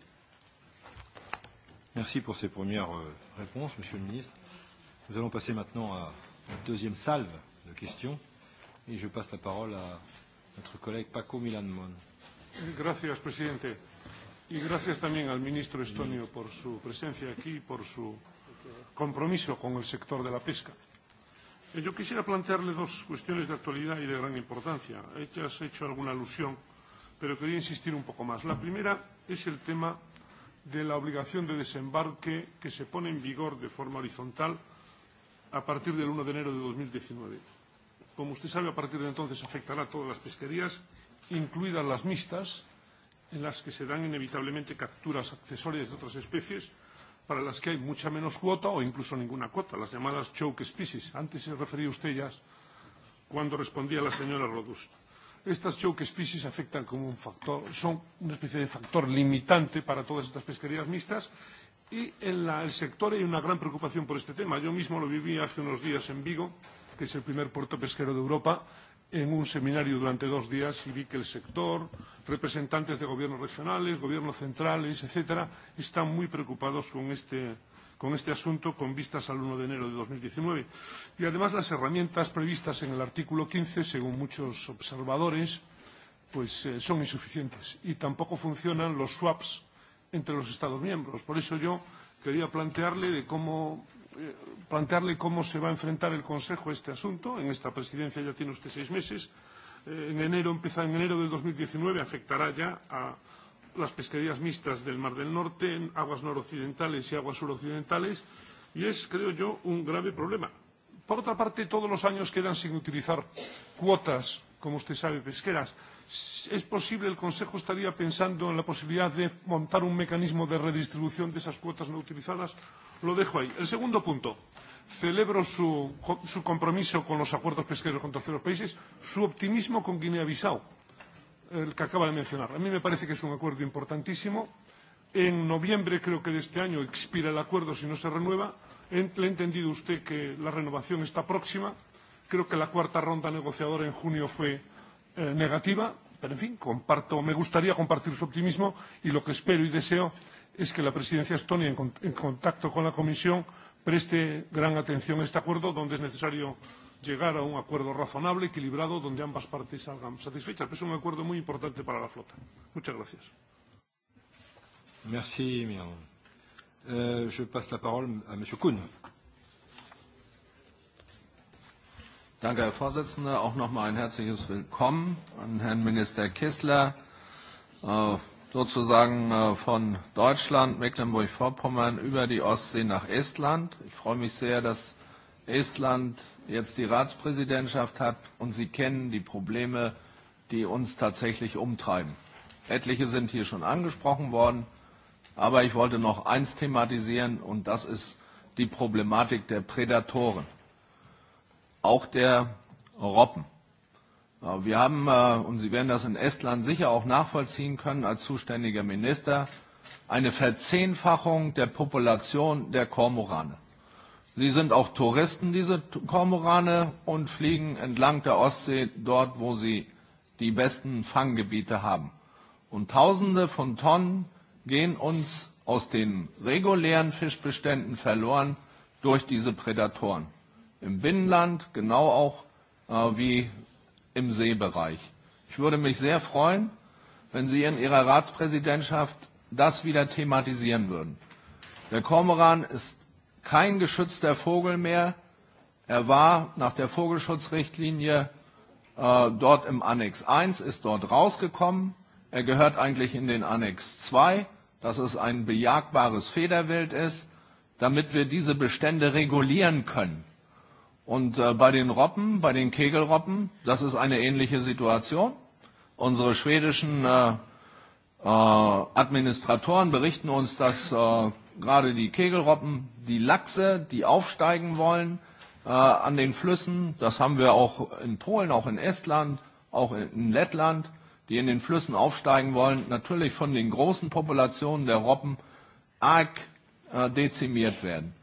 Merci pour ces premières euh, réponses, Monsieur le Ministre. Nous allons passer maintenant à la deuxième salve de questions et je passe la parole à notre collègue Paco Milanmon.
Gracias, Président. Y gracias también al ministro mm. estonio por su presencia aquí y por su compromiso con el sector de la pesca. Eh, yo quisiera plantearle dos cuestiones de actualidad y de gran importancia. Ya has hecho alguna alusión, pero quería insistir un poco más. La primera es el tema de la obligación de desembarque que se pone en vigor de forma horizontal a partir del 1 de enero de 2019. Como usted sabe, a partir de entonces afectará a todas las pesquerías, incluidas las mixtas, en las que se dan inevitablemente capturas accesorias de otras especies para las que hay mucha menos cuota o incluso ninguna cuota, las llamadas choke species. Antes se refería usted ya cuando respondía la señora Rodusto. Estas choke species afectan como un factor, son una especie de factor limitante para todas estas pesquerías mixtas y en la, el sector hay una gran preocupación por este tema. Yo mismo lo viví hace unos días en Vigo, que es el primer puerto pesquero de Europa, en un seminario durante dos días y vi que el sector, representantes de gobiernos regionales, gobiernos centrales, etcétera, están muy preocupados con este tema con este asunto con vistas al 1 de enero de 2019. Y además las herramientas previstas en el artículo 15, según muchos observadores, pues eh, son insuficientes y tampoco funcionan los swaps entre los Estados miembros. Por eso yo quería plantearle de cómo eh, plantearle cómo se va a enfrentar el Consejo a este asunto. En esta presidencia ya tiene usted seis meses. Eh, en enero, empieza en enero de 2019, afectará ya a, las pesquerías mixtas del Mar del Norte, en aguas noroccidentales y aguas suroccidentales, y es, creo yo, un grave problema. Por otra parte, todos los años quedan sin utilizar cuotas, como usted sabe, pesqueras. ¿Es posible, el Consejo estaría pensando en la posibilidad de montar un mecanismo de redistribución de esas cuotas no utilizadas? Lo dejo ahí. El segundo punto. Celebro su, su compromiso con los acuerdos pesqueros con terceros países, su optimismo con Guinea-Bissau el que acaba de mencionar. A mí me parece que es un acuerdo importantísimo. En noviembre, creo que de este año, expira el acuerdo si no se renueva. Le he entendido usted que la renovación está próxima. Creo que la cuarta ronda negociadora en junio fue eh, negativa, pero en fin, comparto, me gustaría compartir su optimismo y lo que espero y deseo es que la presidencia estonia, en, con, en contacto con la Comisión, preste gran atención a este acuerdo, donde es necesario llegar a un acuerdo razonable, equilibrado, donde ambas partes salgan satisfechas. Pero Es un acuerdo muy importante para la flota. Muchas gracias.
Merci, Miron.
Euh, je passe la parole à Monsieur Kuhn. Danke, Herr Vorsitzender. Auch nochmal ein herzliches Willkommen an Herrn Minister Kissler, äh, sozusagen äh, von Deutschland, Mecklenburg-Vorpommern über die Ostsee nach Estland. Ich freue mich sehr, dass Estland jetzt die Ratspräsidentschaft hat und Sie kennen die Probleme, die uns tatsächlich umtreiben. Etliche sind hier schon angesprochen worden, aber ich wollte noch eins thematisieren und das ist die Problematik der Prädatoren, auch der Robben. Wir haben, äh, und Sie werden das in Estland sicher auch nachvollziehen können als zuständiger Minister, eine Verzehnfachung der Population der Kormorane. Sie sind auch Touristen, diese Kormorane, und fliegen entlang der Ostsee dort, wo sie die besten Fanggebiete haben. Und Tausende von Tonnen gehen uns aus den regulären Fischbeständen verloren durch diese Prädatoren. Im Binnenland genau auch äh, wie im Seebereich. Ich würde mich sehr freuen, wenn Sie in Ihrer Ratspräsidentschaft das wieder thematisieren würden. Der Kormoran ist kein geschützter Vogel mehr. Er war nach der Vogelschutzrichtlinie äh, dort im Annex 1, ist dort rausgekommen. Er gehört eigentlich in den Annex 2, dass es ein bejagbares Federwild ist, damit wir diese Bestände regulieren können. Und äh, bei den Robben, bei den Kegelrobben, das ist eine ähnliche Situation. Unsere schwedischen äh, äh, Administratoren berichten uns, dass äh, gerade die Kegelroppen, die Lachse, die aufsteigen wollen äh, an den Flüssen. Das haben wir auch in Polen, auch in Estland, auch in Lettland, die in den Flüssen aufsteigen wollen, natürlich von den großen Populationen der Robben arg äh, dezimiert werden.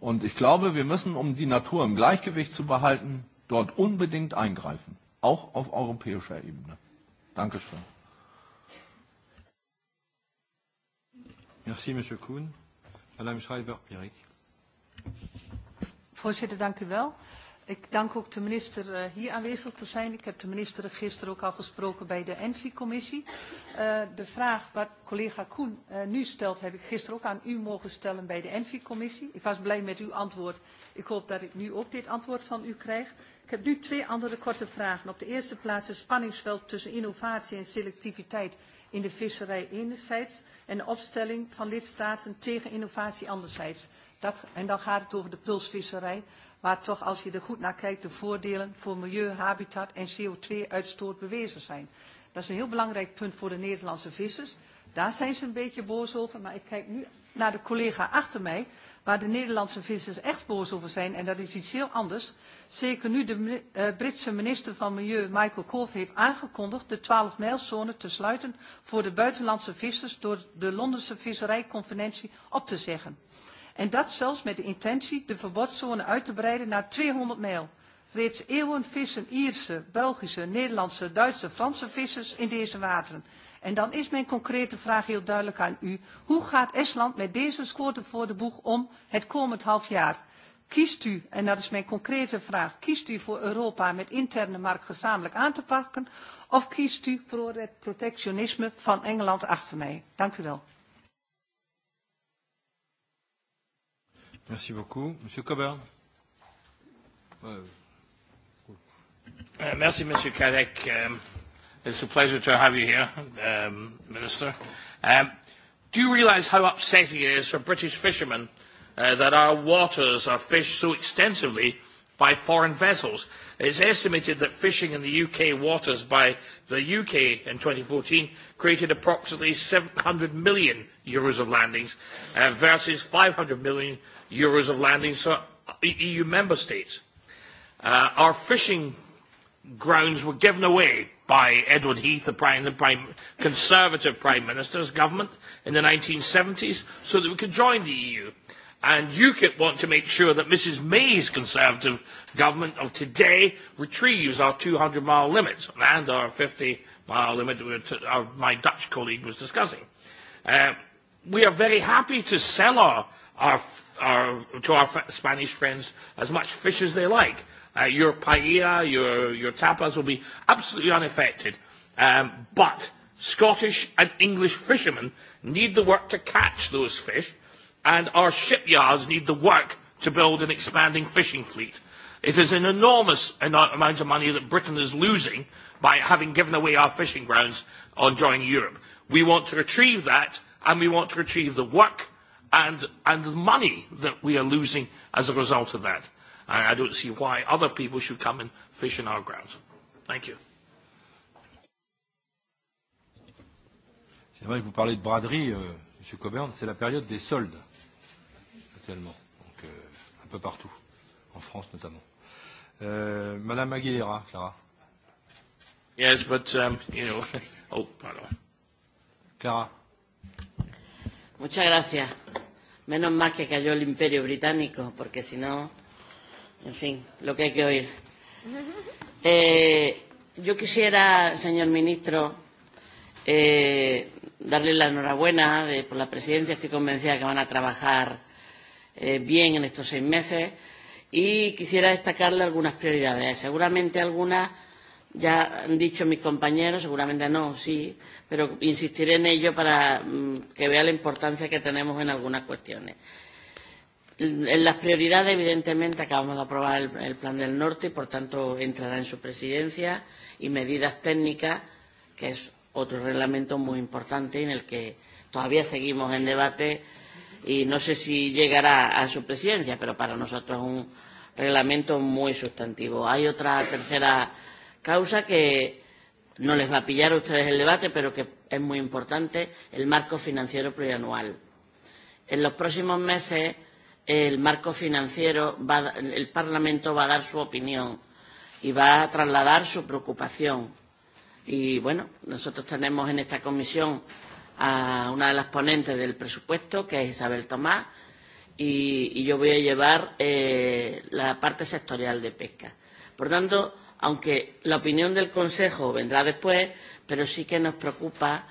Und ich glaube, wir müssen, um die Natur im Gleichgewicht zu behalten, dort unbedingt eingreifen, auch auf europäischer Ebene. Dankeschön. Merci, Monsieur Kuhn.
Madame Schreiber-Pierik.
Voorzitter, dank u wel. Ik dank ook de minister uh, hier aanwezig te zijn. Ik heb de minister gisteren ook al gesproken bij de ENVI-commissie. Uh, eh, de vraag wat collega Koen uh, nu stelt, heb ik gisteren ook aan u mogen stellen bij de ENVI-commissie. Ik was blij met uw antwoord. Ik hoop dat ik nu ook dit antwoord van u krijg. Ik heb nu twee andere korte vragen. Op de eerste plaats het spanningsveld tussen innovatie en selectiviteit in de visserij enerzijds en de opstelling van lidstaten tegen innovatie anderzijds. Dat, en dan gaat het over de pulsvisserij, waar toch als je er goed naar kijkt de voordelen voor milieu, habitat en CO2-uitstoot bewezen zijn. Dat is een heel belangrijk punt voor de Nederlandse vissers. Daar zijn ze een beetje boos over, maar ik kijk nu naar de collega achter mij waar de Nederlandse vissers echt boos over zijn. En dat is iets heel anders. Zeker nu de eh, Britse minister van Milieu Michael Cove heeft aangekondigd de 12-mijlzone te sluiten voor de buitenlandse vissers door de Londense visserijconferentie op te zeggen. En dat zelfs met de intentie de verbodszone uit te breiden naar 200 mijl. Reeds eeuwen vissen Ierse, Belgische, Nederlandse, Duitse, Franse vissers in deze wateren. En dan is mijn concrete vraag heel duidelijk aan u. Hoe gaat Estland met deze scoorde voor de boeg om het komend half jaar? Kiest u, en dat is mijn concrete vraag, kiest u voor Europa met interne markt gezamenlijk aan te pakken? Of kiest u voor het protectionisme van Engeland achter mij? Dank u wel.
Merci beaucoup. Monsieur Cobert. Uh,
merci, Monsieur Kadek. Uh, eh, It's a pleasure to have you here, um, Minister. Um, do you realise how upsetting it is for British fishermen uh, that our waters are fished so extensively by foreign vessels? It's estimated that fishing in the UK waters by the UK in 2014 created approximately 700 million euros of landings uh, versus 500 million euros of landings for EU e member states. Uh, our fishing grounds were given away by Edward Heath, the, prime, the prime, Conservative Prime Minister's government in the 1970s, so that we could join the EU. And UKIP want to make sure that Mrs May's Conservative government of today retrieves our 200-mile limit and our 50-mile limit that we to, our, my Dutch colleague was discussing. Uh, we are very happy to sell our, our, our, to our Spanish friends as much fish as they like Uh, your paella, your, your tapas will be absolutely unaffected. Um, but Scottish and English fishermen need the work to catch those fish, and our shipyards need the work to build an expanding fishing fleet. It is an enormous amount of money that Britain is losing by having given away our fishing grounds on joining Europe. We want to retrieve that, and we want to retrieve the work and, and the money that we are losing as a result of that. I, I don't see why other people should come and fish in our grounds. Thank you.
J'aimerais que vous parlez de braderie, euh, M. Coburn, c'est la période des soldes actuellement, donc euh, un peu partout, en France notamment. Euh,
Madame Aguilera, Clara. Yes, but um, you know, oh, pardon.
Clara. Muchas gracias. Menos mal que cayó el Imperio Británico, porque si no en fin, lo que hay que oír. Eh, yo quisiera, señor ministro, eh, darle la enhorabuena de, por la presidencia. Estoy convencida de que van a trabajar eh, bien en estos seis meses y quisiera destacarle algunas prioridades. Seguramente algunas ya han dicho mis compañeros, seguramente no, sí, pero insistiré en ello para mm, que vea la importancia que tenemos en algunas cuestiones. En las prioridades, evidentemente, acabamos de aprobar el, el Plan del Norte y, por tanto, entrará en su presidencia y medidas técnicas, que es otro reglamento muy importante en el que todavía seguimos en debate y no sé si llegará a su presidencia, pero para nosotros es un reglamento muy sustantivo. Hay otra tercera causa que no les va a pillar a ustedes el debate, pero que es muy importante, el marco financiero plurianual. En los próximos meses el marco financiero, va, el Parlamento va a dar su opinión y va a trasladar su preocupación. Y bueno, nosotros tenemos en esta comisión a una de las ponentes del presupuesto, que es Isabel Tomás, y, y yo voy a llevar eh, la parte sectorial de pesca. Por tanto, aunque la opinión del Consejo vendrá después, pero sí que nos preocupa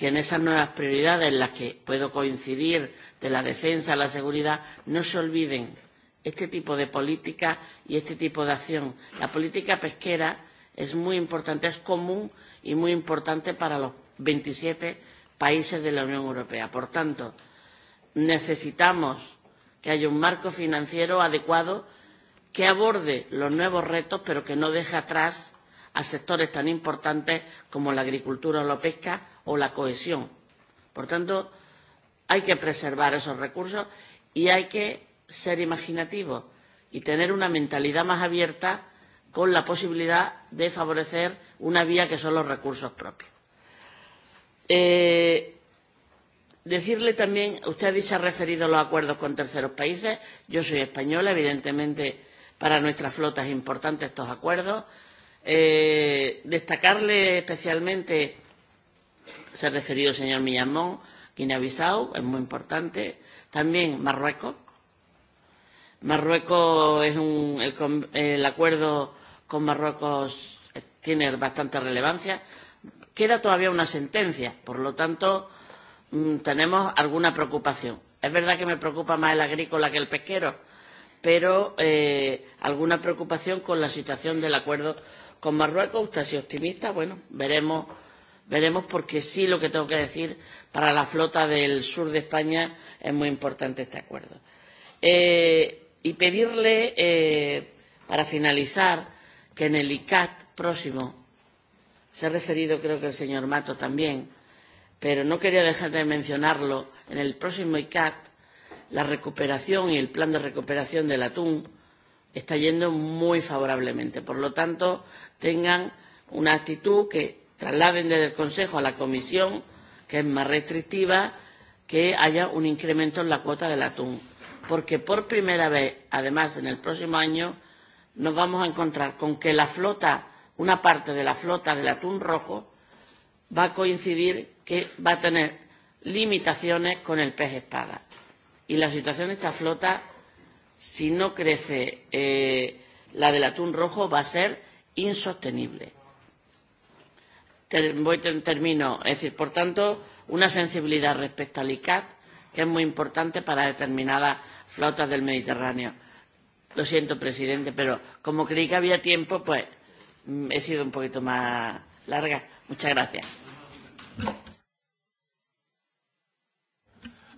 que en esas nuevas prioridades en las que puedo coincidir de la defensa, la seguridad, no se olviden este tipo de política y este tipo de acción. La política pesquera es muy importante, es común y muy importante para los 27 países de la Unión Europea. Por tanto, necesitamos que haya un marco financiero adecuado que aborde los nuevos retos, pero que no deje atrás a sectores tan importantes como la agricultura o la pesca, o la cohesión. Por tanto, hay que preservar esos recursos y hay que ser imaginativos y tener una mentalidad más abierta con la posibilidad de favorecer una vía que son los recursos propios. Eh, decirle también, usted se ha referido a los acuerdos con terceros países. Yo soy española, evidentemente para nuestra flota es importante estos acuerdos. Eh, destacarle especialmente se ha referido el señor Millamón, Guinea-Bissau, es muy importante. También Marruecos. Marruecos es un, el, el acuerdo con Marruecos eh, tiene bastante relevancia. Queda todavía una sentencia, por lo tanto mm, tenemos alguna preocupación. Es verdad que me preocupa más el agrícola que el pesquero, pero eh, alguna preocupación con la situación del acuerdo con Marruecos. Usted ha sido optimista, bueno, veremos Veremos porque sí lo que tengo que decir para la flota del sur de España es muy importante este acuerdo. Eh, y pedirle, eh, para finalizar, que en el ICAT próximo, se ha referido creo que el señor Mato también, pero no quería dejar de mencionarlo, en el próximo ICAT la recuperación y el plan de recuperación del atún está yendo muy favorablemente. Por lo tanto, tengan una actitud que trasladen desde el Consejo a la Comisión, que es más restrictiva, que haya un incremento en la cuota del atún. Porque por primera vez, además, en el próximo año, nos vamos a encontrar con que la flota, una parte de la flota del atún rojo, va a coincidir que va a tener limitaciones con el pez espada. Y la situación de esta flota, si no crece eh, la del atún rojo, va a ser insostenible. Ter, voy, ter, termino. Es decir, por tanto, una sensibilidad respecto al ICAT, que es muy importante para determinadas flotas del Mediterráneo. Lo siento, presidente, pero como creí que había tiempo, pues mm, he sido un poquito más larga. Muchas gracias.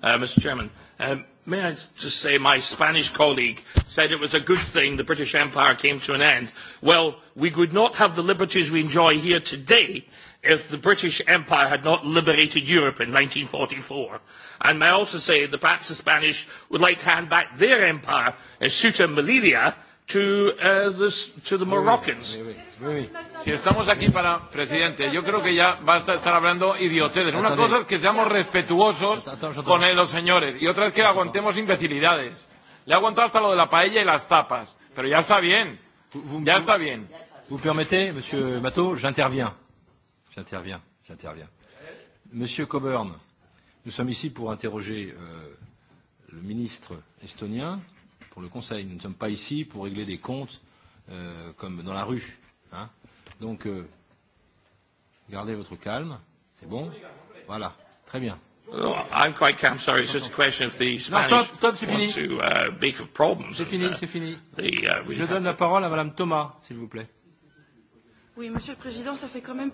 Uh, Mr. Chairman, um, may I just say my Spanish colleague said it was a good thing the British Empire came to an end. Well, we would not have the liberties we enjoy here today if the British Empire had not liberated Europe in 1944. And may I also say that perhaps the Spanish would like to hand back their empire in Ceuta Melilla to, uh, this, to the Moroccans. Si estamos aquí para, presidente, yo creo que ya va a estar hablando
idioteces. Una cosa es que seamos respetuosos con los señores y otra es que aguantemos imbecilidades. Le aguanto hasta lo de la paella y las tapas, pero ya está bien. Ya está
bien. Vous permettez, Monsieur Matteau, j'interviens. J'interviens, j'interviens. Monsieur Coburn, nous sommes ici pour interroger euh, le ministre estonien pour le Conseil. Nous ne sommes pas ici pour régler des comptes euh, comme dans la rue. Hein. Donc, euh, gardez votre calme. C'est
bon Voilà. Très bien. Oh, I'm quite calm. Sorry, it's just a question of the Spanish non, stop, stop, want fini. to uh, make a problem. C'est fini, uh, c'est fini. The, uh, Je donne
to... la parole à Madame Thomas, s'il vous plaît.
Oui, Monsieur le Président, ça fait quand même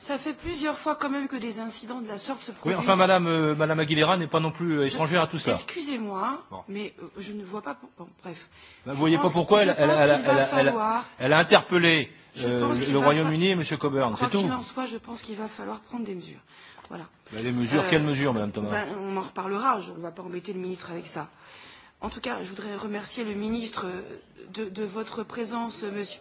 Ça fait plusieurs fois quand même que des incidents de la sorte se produisent. Oui, enfin, Madame,
euh, Madame Aguilera n'est pas non plus euh, étrangère je, à tout ça.
Excusez-moi, bon. mais euh, je ne vois pas. Pour... Bon, bref.
Ben, vous ne voyez pas pourquoi elle, elle, elle, elle, falloir... elle, elle a interpellé euh, le Royaume-Uni fa... et M. Coburn, c'est tout. Quoi en
soit, je pense qu'il va falloir prendre des mesures. Voilà.
Ben, les mesures, euh, quelles mesures, Madame Thomas ben,
On en reparlera. Je, on ne va pas embêter le ministre avec ça. En tout cas, je voudrais remercier le ministre de, de votre présence, Monsieur.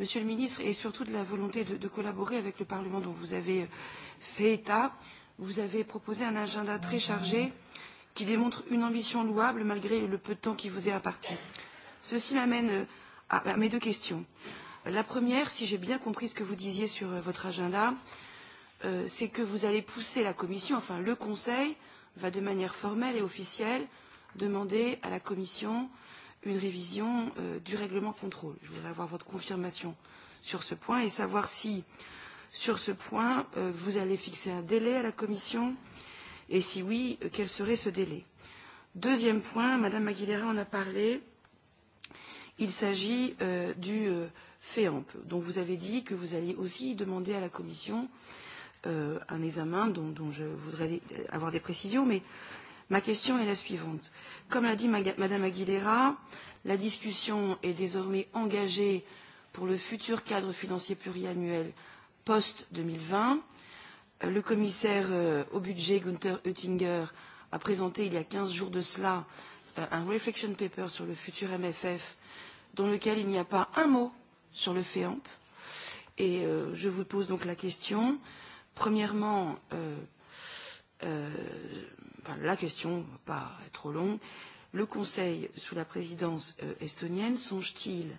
Monsieur le ministre, et surtout de la volonté de, de collaborer avec le Parlement dont vous avez euh, fait état. Vous avez proposé un agenda très chargé qui démontre une ambition louable malgré le peu de temps qui vous est imparti. Ceci m'amène euh, à, à mes deux questions. La première, si j'ai bien compris ce que vous disiez sur euh, votre agenda, euh, c'est que vous allez pousser la Commission, enfin le Conseil va de manière formelle et officielle demander à la Commission euh, une révision euh, du règlement contrôle. Je voudrais avoir votre confirmation sur ce point et savoir si, sur ce point, euh, vous allez fixer un délai à la Commission et si oui, euh, quel serait ce délai. Deuxième point, Madame Aguilera en a parlé, il s'agit euh, du euh, FEAMP, dont vous avez dit que vous alliez aussi demander à la Commission euh, un examen dont, dont je voudrais avoir des précisions, mais euh, Ma question est la suivante. Comme l'a dit Madame Aguilera, la discussion est désormais engagée pour le futur cadre financier pluriannuel post-2020. Euh, le commissaire euh, au budget Gunther Oettinger a présenté il y a 15 jours de cela euh, un reflection paper sur le futur MFF dans lequel il n'y a pas un mot sur le FEAMP. Et euh, je vous pose donc la question. Premièrement, euh, euh, enfin, la question, on va pas être trop long, le Conseil sous la présidence euh, estonienne songe-t-il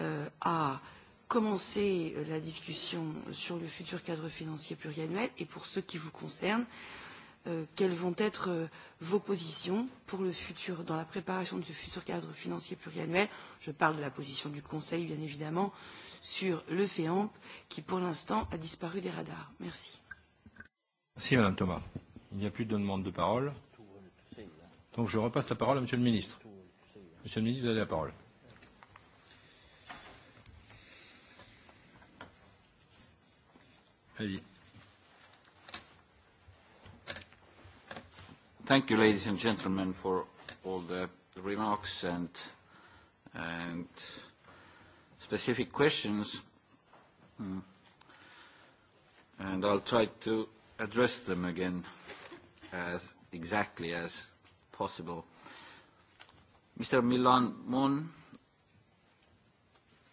euh, à commencer euh, la discussion sur le futur cadre financier pluriannuel et pour ceux qui vous concernent, euh, quelles vont être euh, vos positions pour le futur, dans la préparation de ce futur cadre financier pluriannuel Je parle de la position du Conseil, bien évidemment, sur le FEAMP, qui pour l'instant a disparu des radars. Merci.
Merci, Madame Thomas. Il n'y a plus de demande de parole. Donc je repasse la parole à Monsieur le ministre. Monsieur le ministre, vous avez la parole. Allez-y.
Thank you, ladies and gentlemen, for all the remarks and, and specific questions. Mm. And I'll try to address them again as exactly as possible. Mr. Milan Mon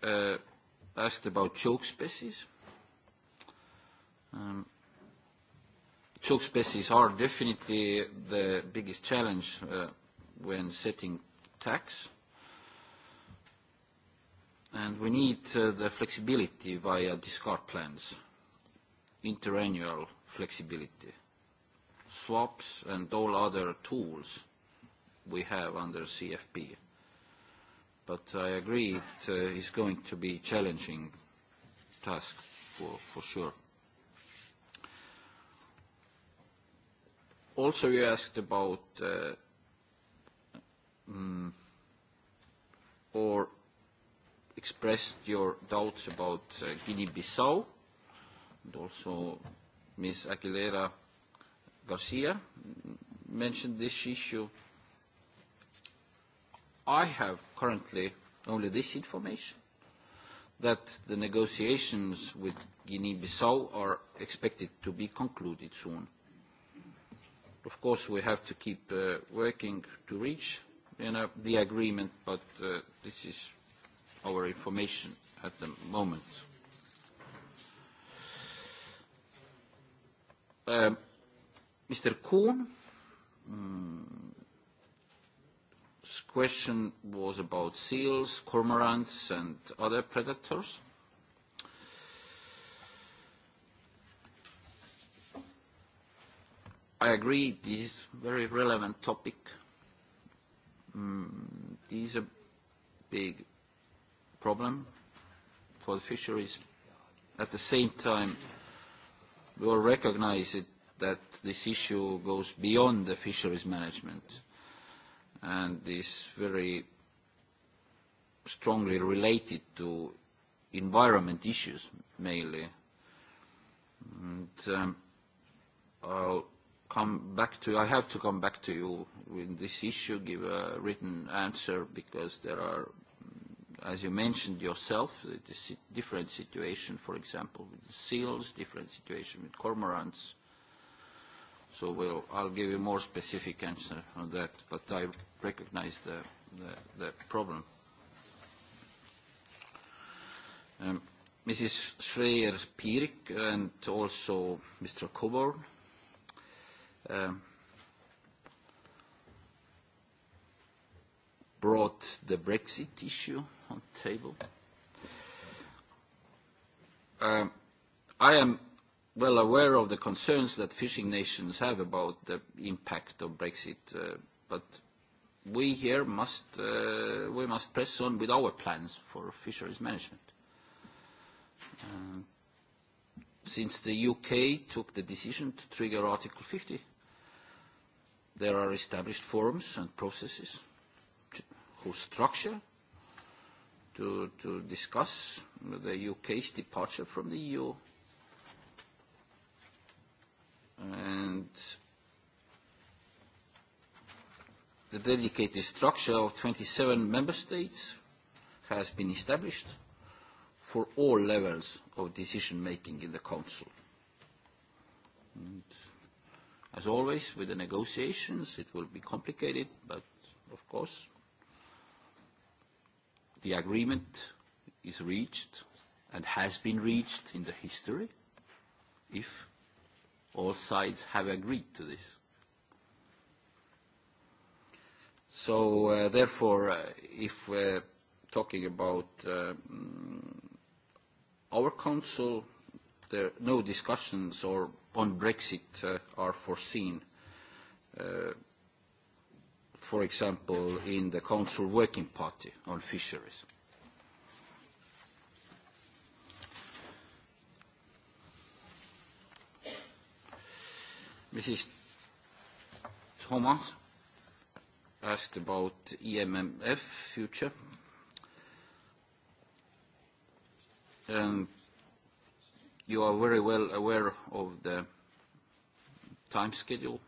uh, asked about choke species. Um, choke species are definitely the biggest challenge uh, when setting tax. And we need uh, the flexibility via discard plans, interannual flexibility swaps, and all other tools we have under CFP. But I agree it uh, is going to be challenging task for, for sure. Also, you asked about uh, mm, or expressed your doubts about uh, Guinea-Bissau, and also Ms. Aguilera Garcia mentioned this issue. I have currently only this information, that the negotiations with Guinea-Bissau are expected to be concluded soon. Of course, we have to keep uh, working to reach you know, the agreement, but uh, this is our information at the moment. Um, Mr. Kuhn, um, his question was about seals, cormorants, and other predators. I agree, this is a very relevant topic. Mm, this is a big problem for the fisheries. At the same time, we all recognize it that this issue goes beyond the fisheries management and is very strongly related to environment issues mainly. And, um, I'll come back to you, I have to come back to you with this issue, give a written answer, because there are, as you mentioned yourself, it is a different situation, for example, with seals, different situation with cormorants, uh, So we'll, I'll give you more specific answer on that, but I recognize the, the, the problem. Um, Mrs. schreier Pirik and also Mr. Coburn. Um, brought the Brexit issue on the table. Um, I am well aware of the concerns that fishing nations have about the impact of Brexit, uh, but we here must, uh, we must press on with our plans for fisheries management. Uh, since the UK took the decision to trigger Article 50, there are established forums and processes whose structure to, to discuss the UK's departure from the EU and the dedicated structure of 27 member states has been established for all levels of decision making in the Council. And as always, with the negotiations, it will be complicated, but of course, the agreement is reached and has been reached in the history if all sides have agreed to this. So uh, therefore, uh, if we're talking about uh, our council, there no discussions or on Brexit uh, are foreseen. Uh, for example, in the council working party on fisheries. Mrs. Thomas asked about EMMF future. And um, you are very well aware of the time schedule.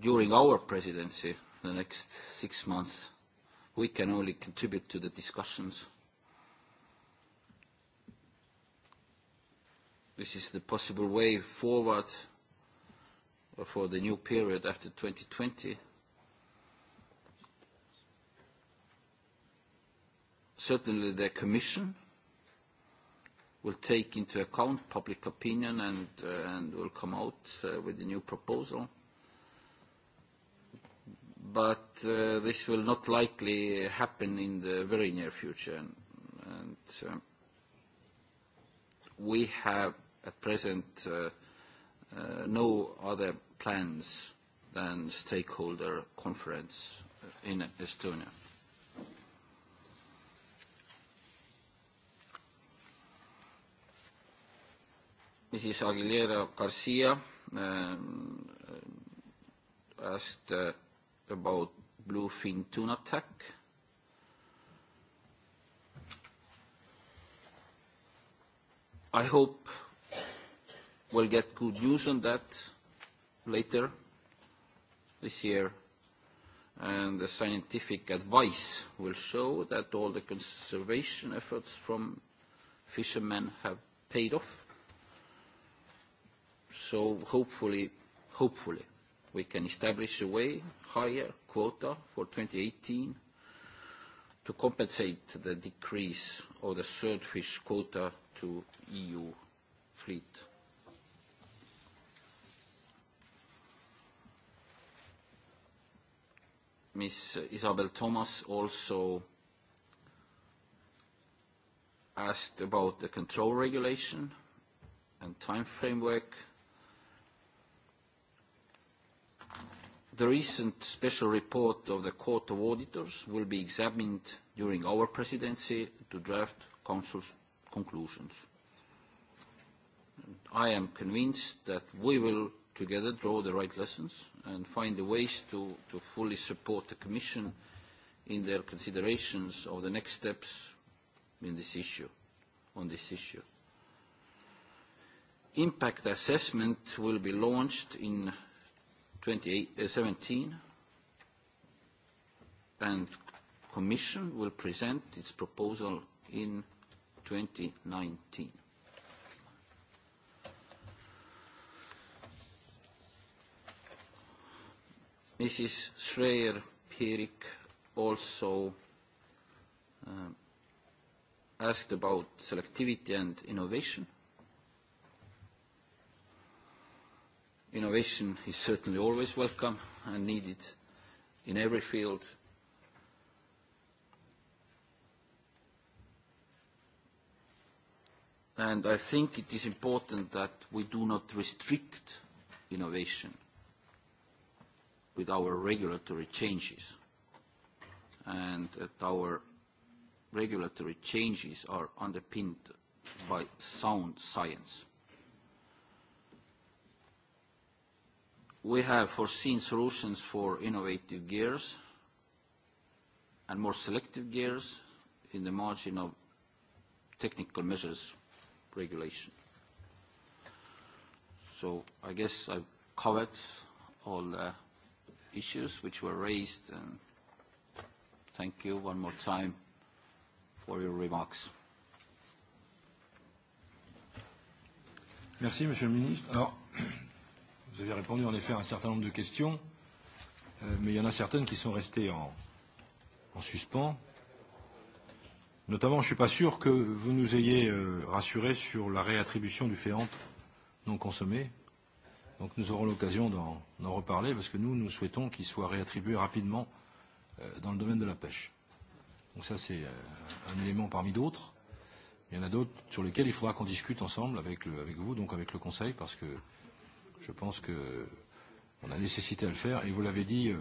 During our presidency, the next six months, we can only contribute to the discussions this is the possible way forward for the new period after 2020. Certainly the Commission will take into account public opinion and, uh, and will come out uh, with a new proposal. But uh, this will not likely happen in the very near future. And, and uh, we have at present uh, uh, no other plans than stakeholder conference in Estonia. Mrs. Aguilera Garcia um, asked uh, about bluefin tuna attack. I hope will get good news on that later this year. And the scientific advice will show that all the conservation efforts from fishermen have paid off. So hopefully, hopefully, we can establish a way higher quota for 2018 to compensate the decrease of the third fish quota to EU fleet. Ms. Isabel Thomas also asked about the control regulation and time framework. The recent special report of the Court of Auditors will be examined during our presidency to draft Council's conclusions. I am convinced that we will together, draw the right lessons, and find the ways to, to fully support the Commission in their considerations of the next steps in this issue, on this issue. Impact assessment will be launched in 2017, uh, and Commission will present its proposal in 2019. Mrs. Schreier-Pierik also uh, asked about selectivity and innovation. Innovation is certainly always welcome and needed in every field. And I think it is important that we do not restrict innovation – with our regulatory changes. And that our regulatory changes are underpinned by sound science. We have foreseen solutions for innovative gears and more selective gears in the margin of technical measures regulation. So I guess I've covered all the issues which were raised. And thank you one more time
for your remarks. Merci, Monsieur le Ministre. Alors, vous avez répondu en effet à un certain nombre de questions, euh, mais il y en a certaines qui sont restées en, en suspens. Notamment, je ne suis pas sûr que vous nous ayez euh, rassuré sur la réattribution du féant non consommé. Donc nous aurons l'occasion d'en reparler parce que nous, nous souhaitons qu'il soit réattribué rapidement euh, dans le domaine de la pêche. Donc ça, c'est euh, un élément parmi d'autres. Il y en a d'autres sur lesquels il faudra qu'on discute ensemble avec, le, avec vous, donc avec le Conseil, parce que je pense qu'on a nécessité à le faire. Et vous l'avez dit, euh,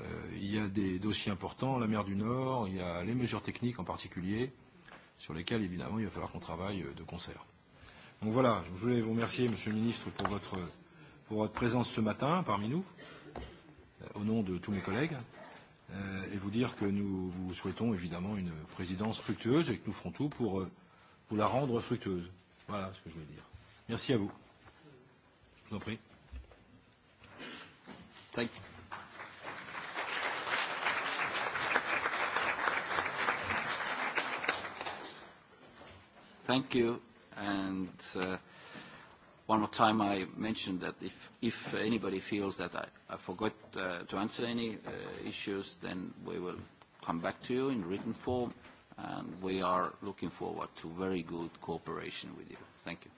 euh, il y a des dossiers importants, la mer du Nord, il y a les mesures techniques en particulier, sur lesquelles, évidemment, il va falloir qu'on travaille euh, de concert. Donc voilà, je voulais vous remercier, Monsieur le Ministre, pour votre pour votre présence ce matin parmi nous, euh, au nom de tous mes collègues, euh, et vous dire que nous vous souhaitons évidemment une présidence fructueuse et que nous ferons tout pour vous euh, la rendre fructueuse. Voilà ce que je voulais dire. Merci à vous. Je vous en prie. Thank you.
Thank you. And uh, One more time, I mentioned that if, if anybody feels that I, I forgot uh, to answer any uh, issues, then we will come back to you in written form, and we are looking forward to very good cooperation with you. Thank you.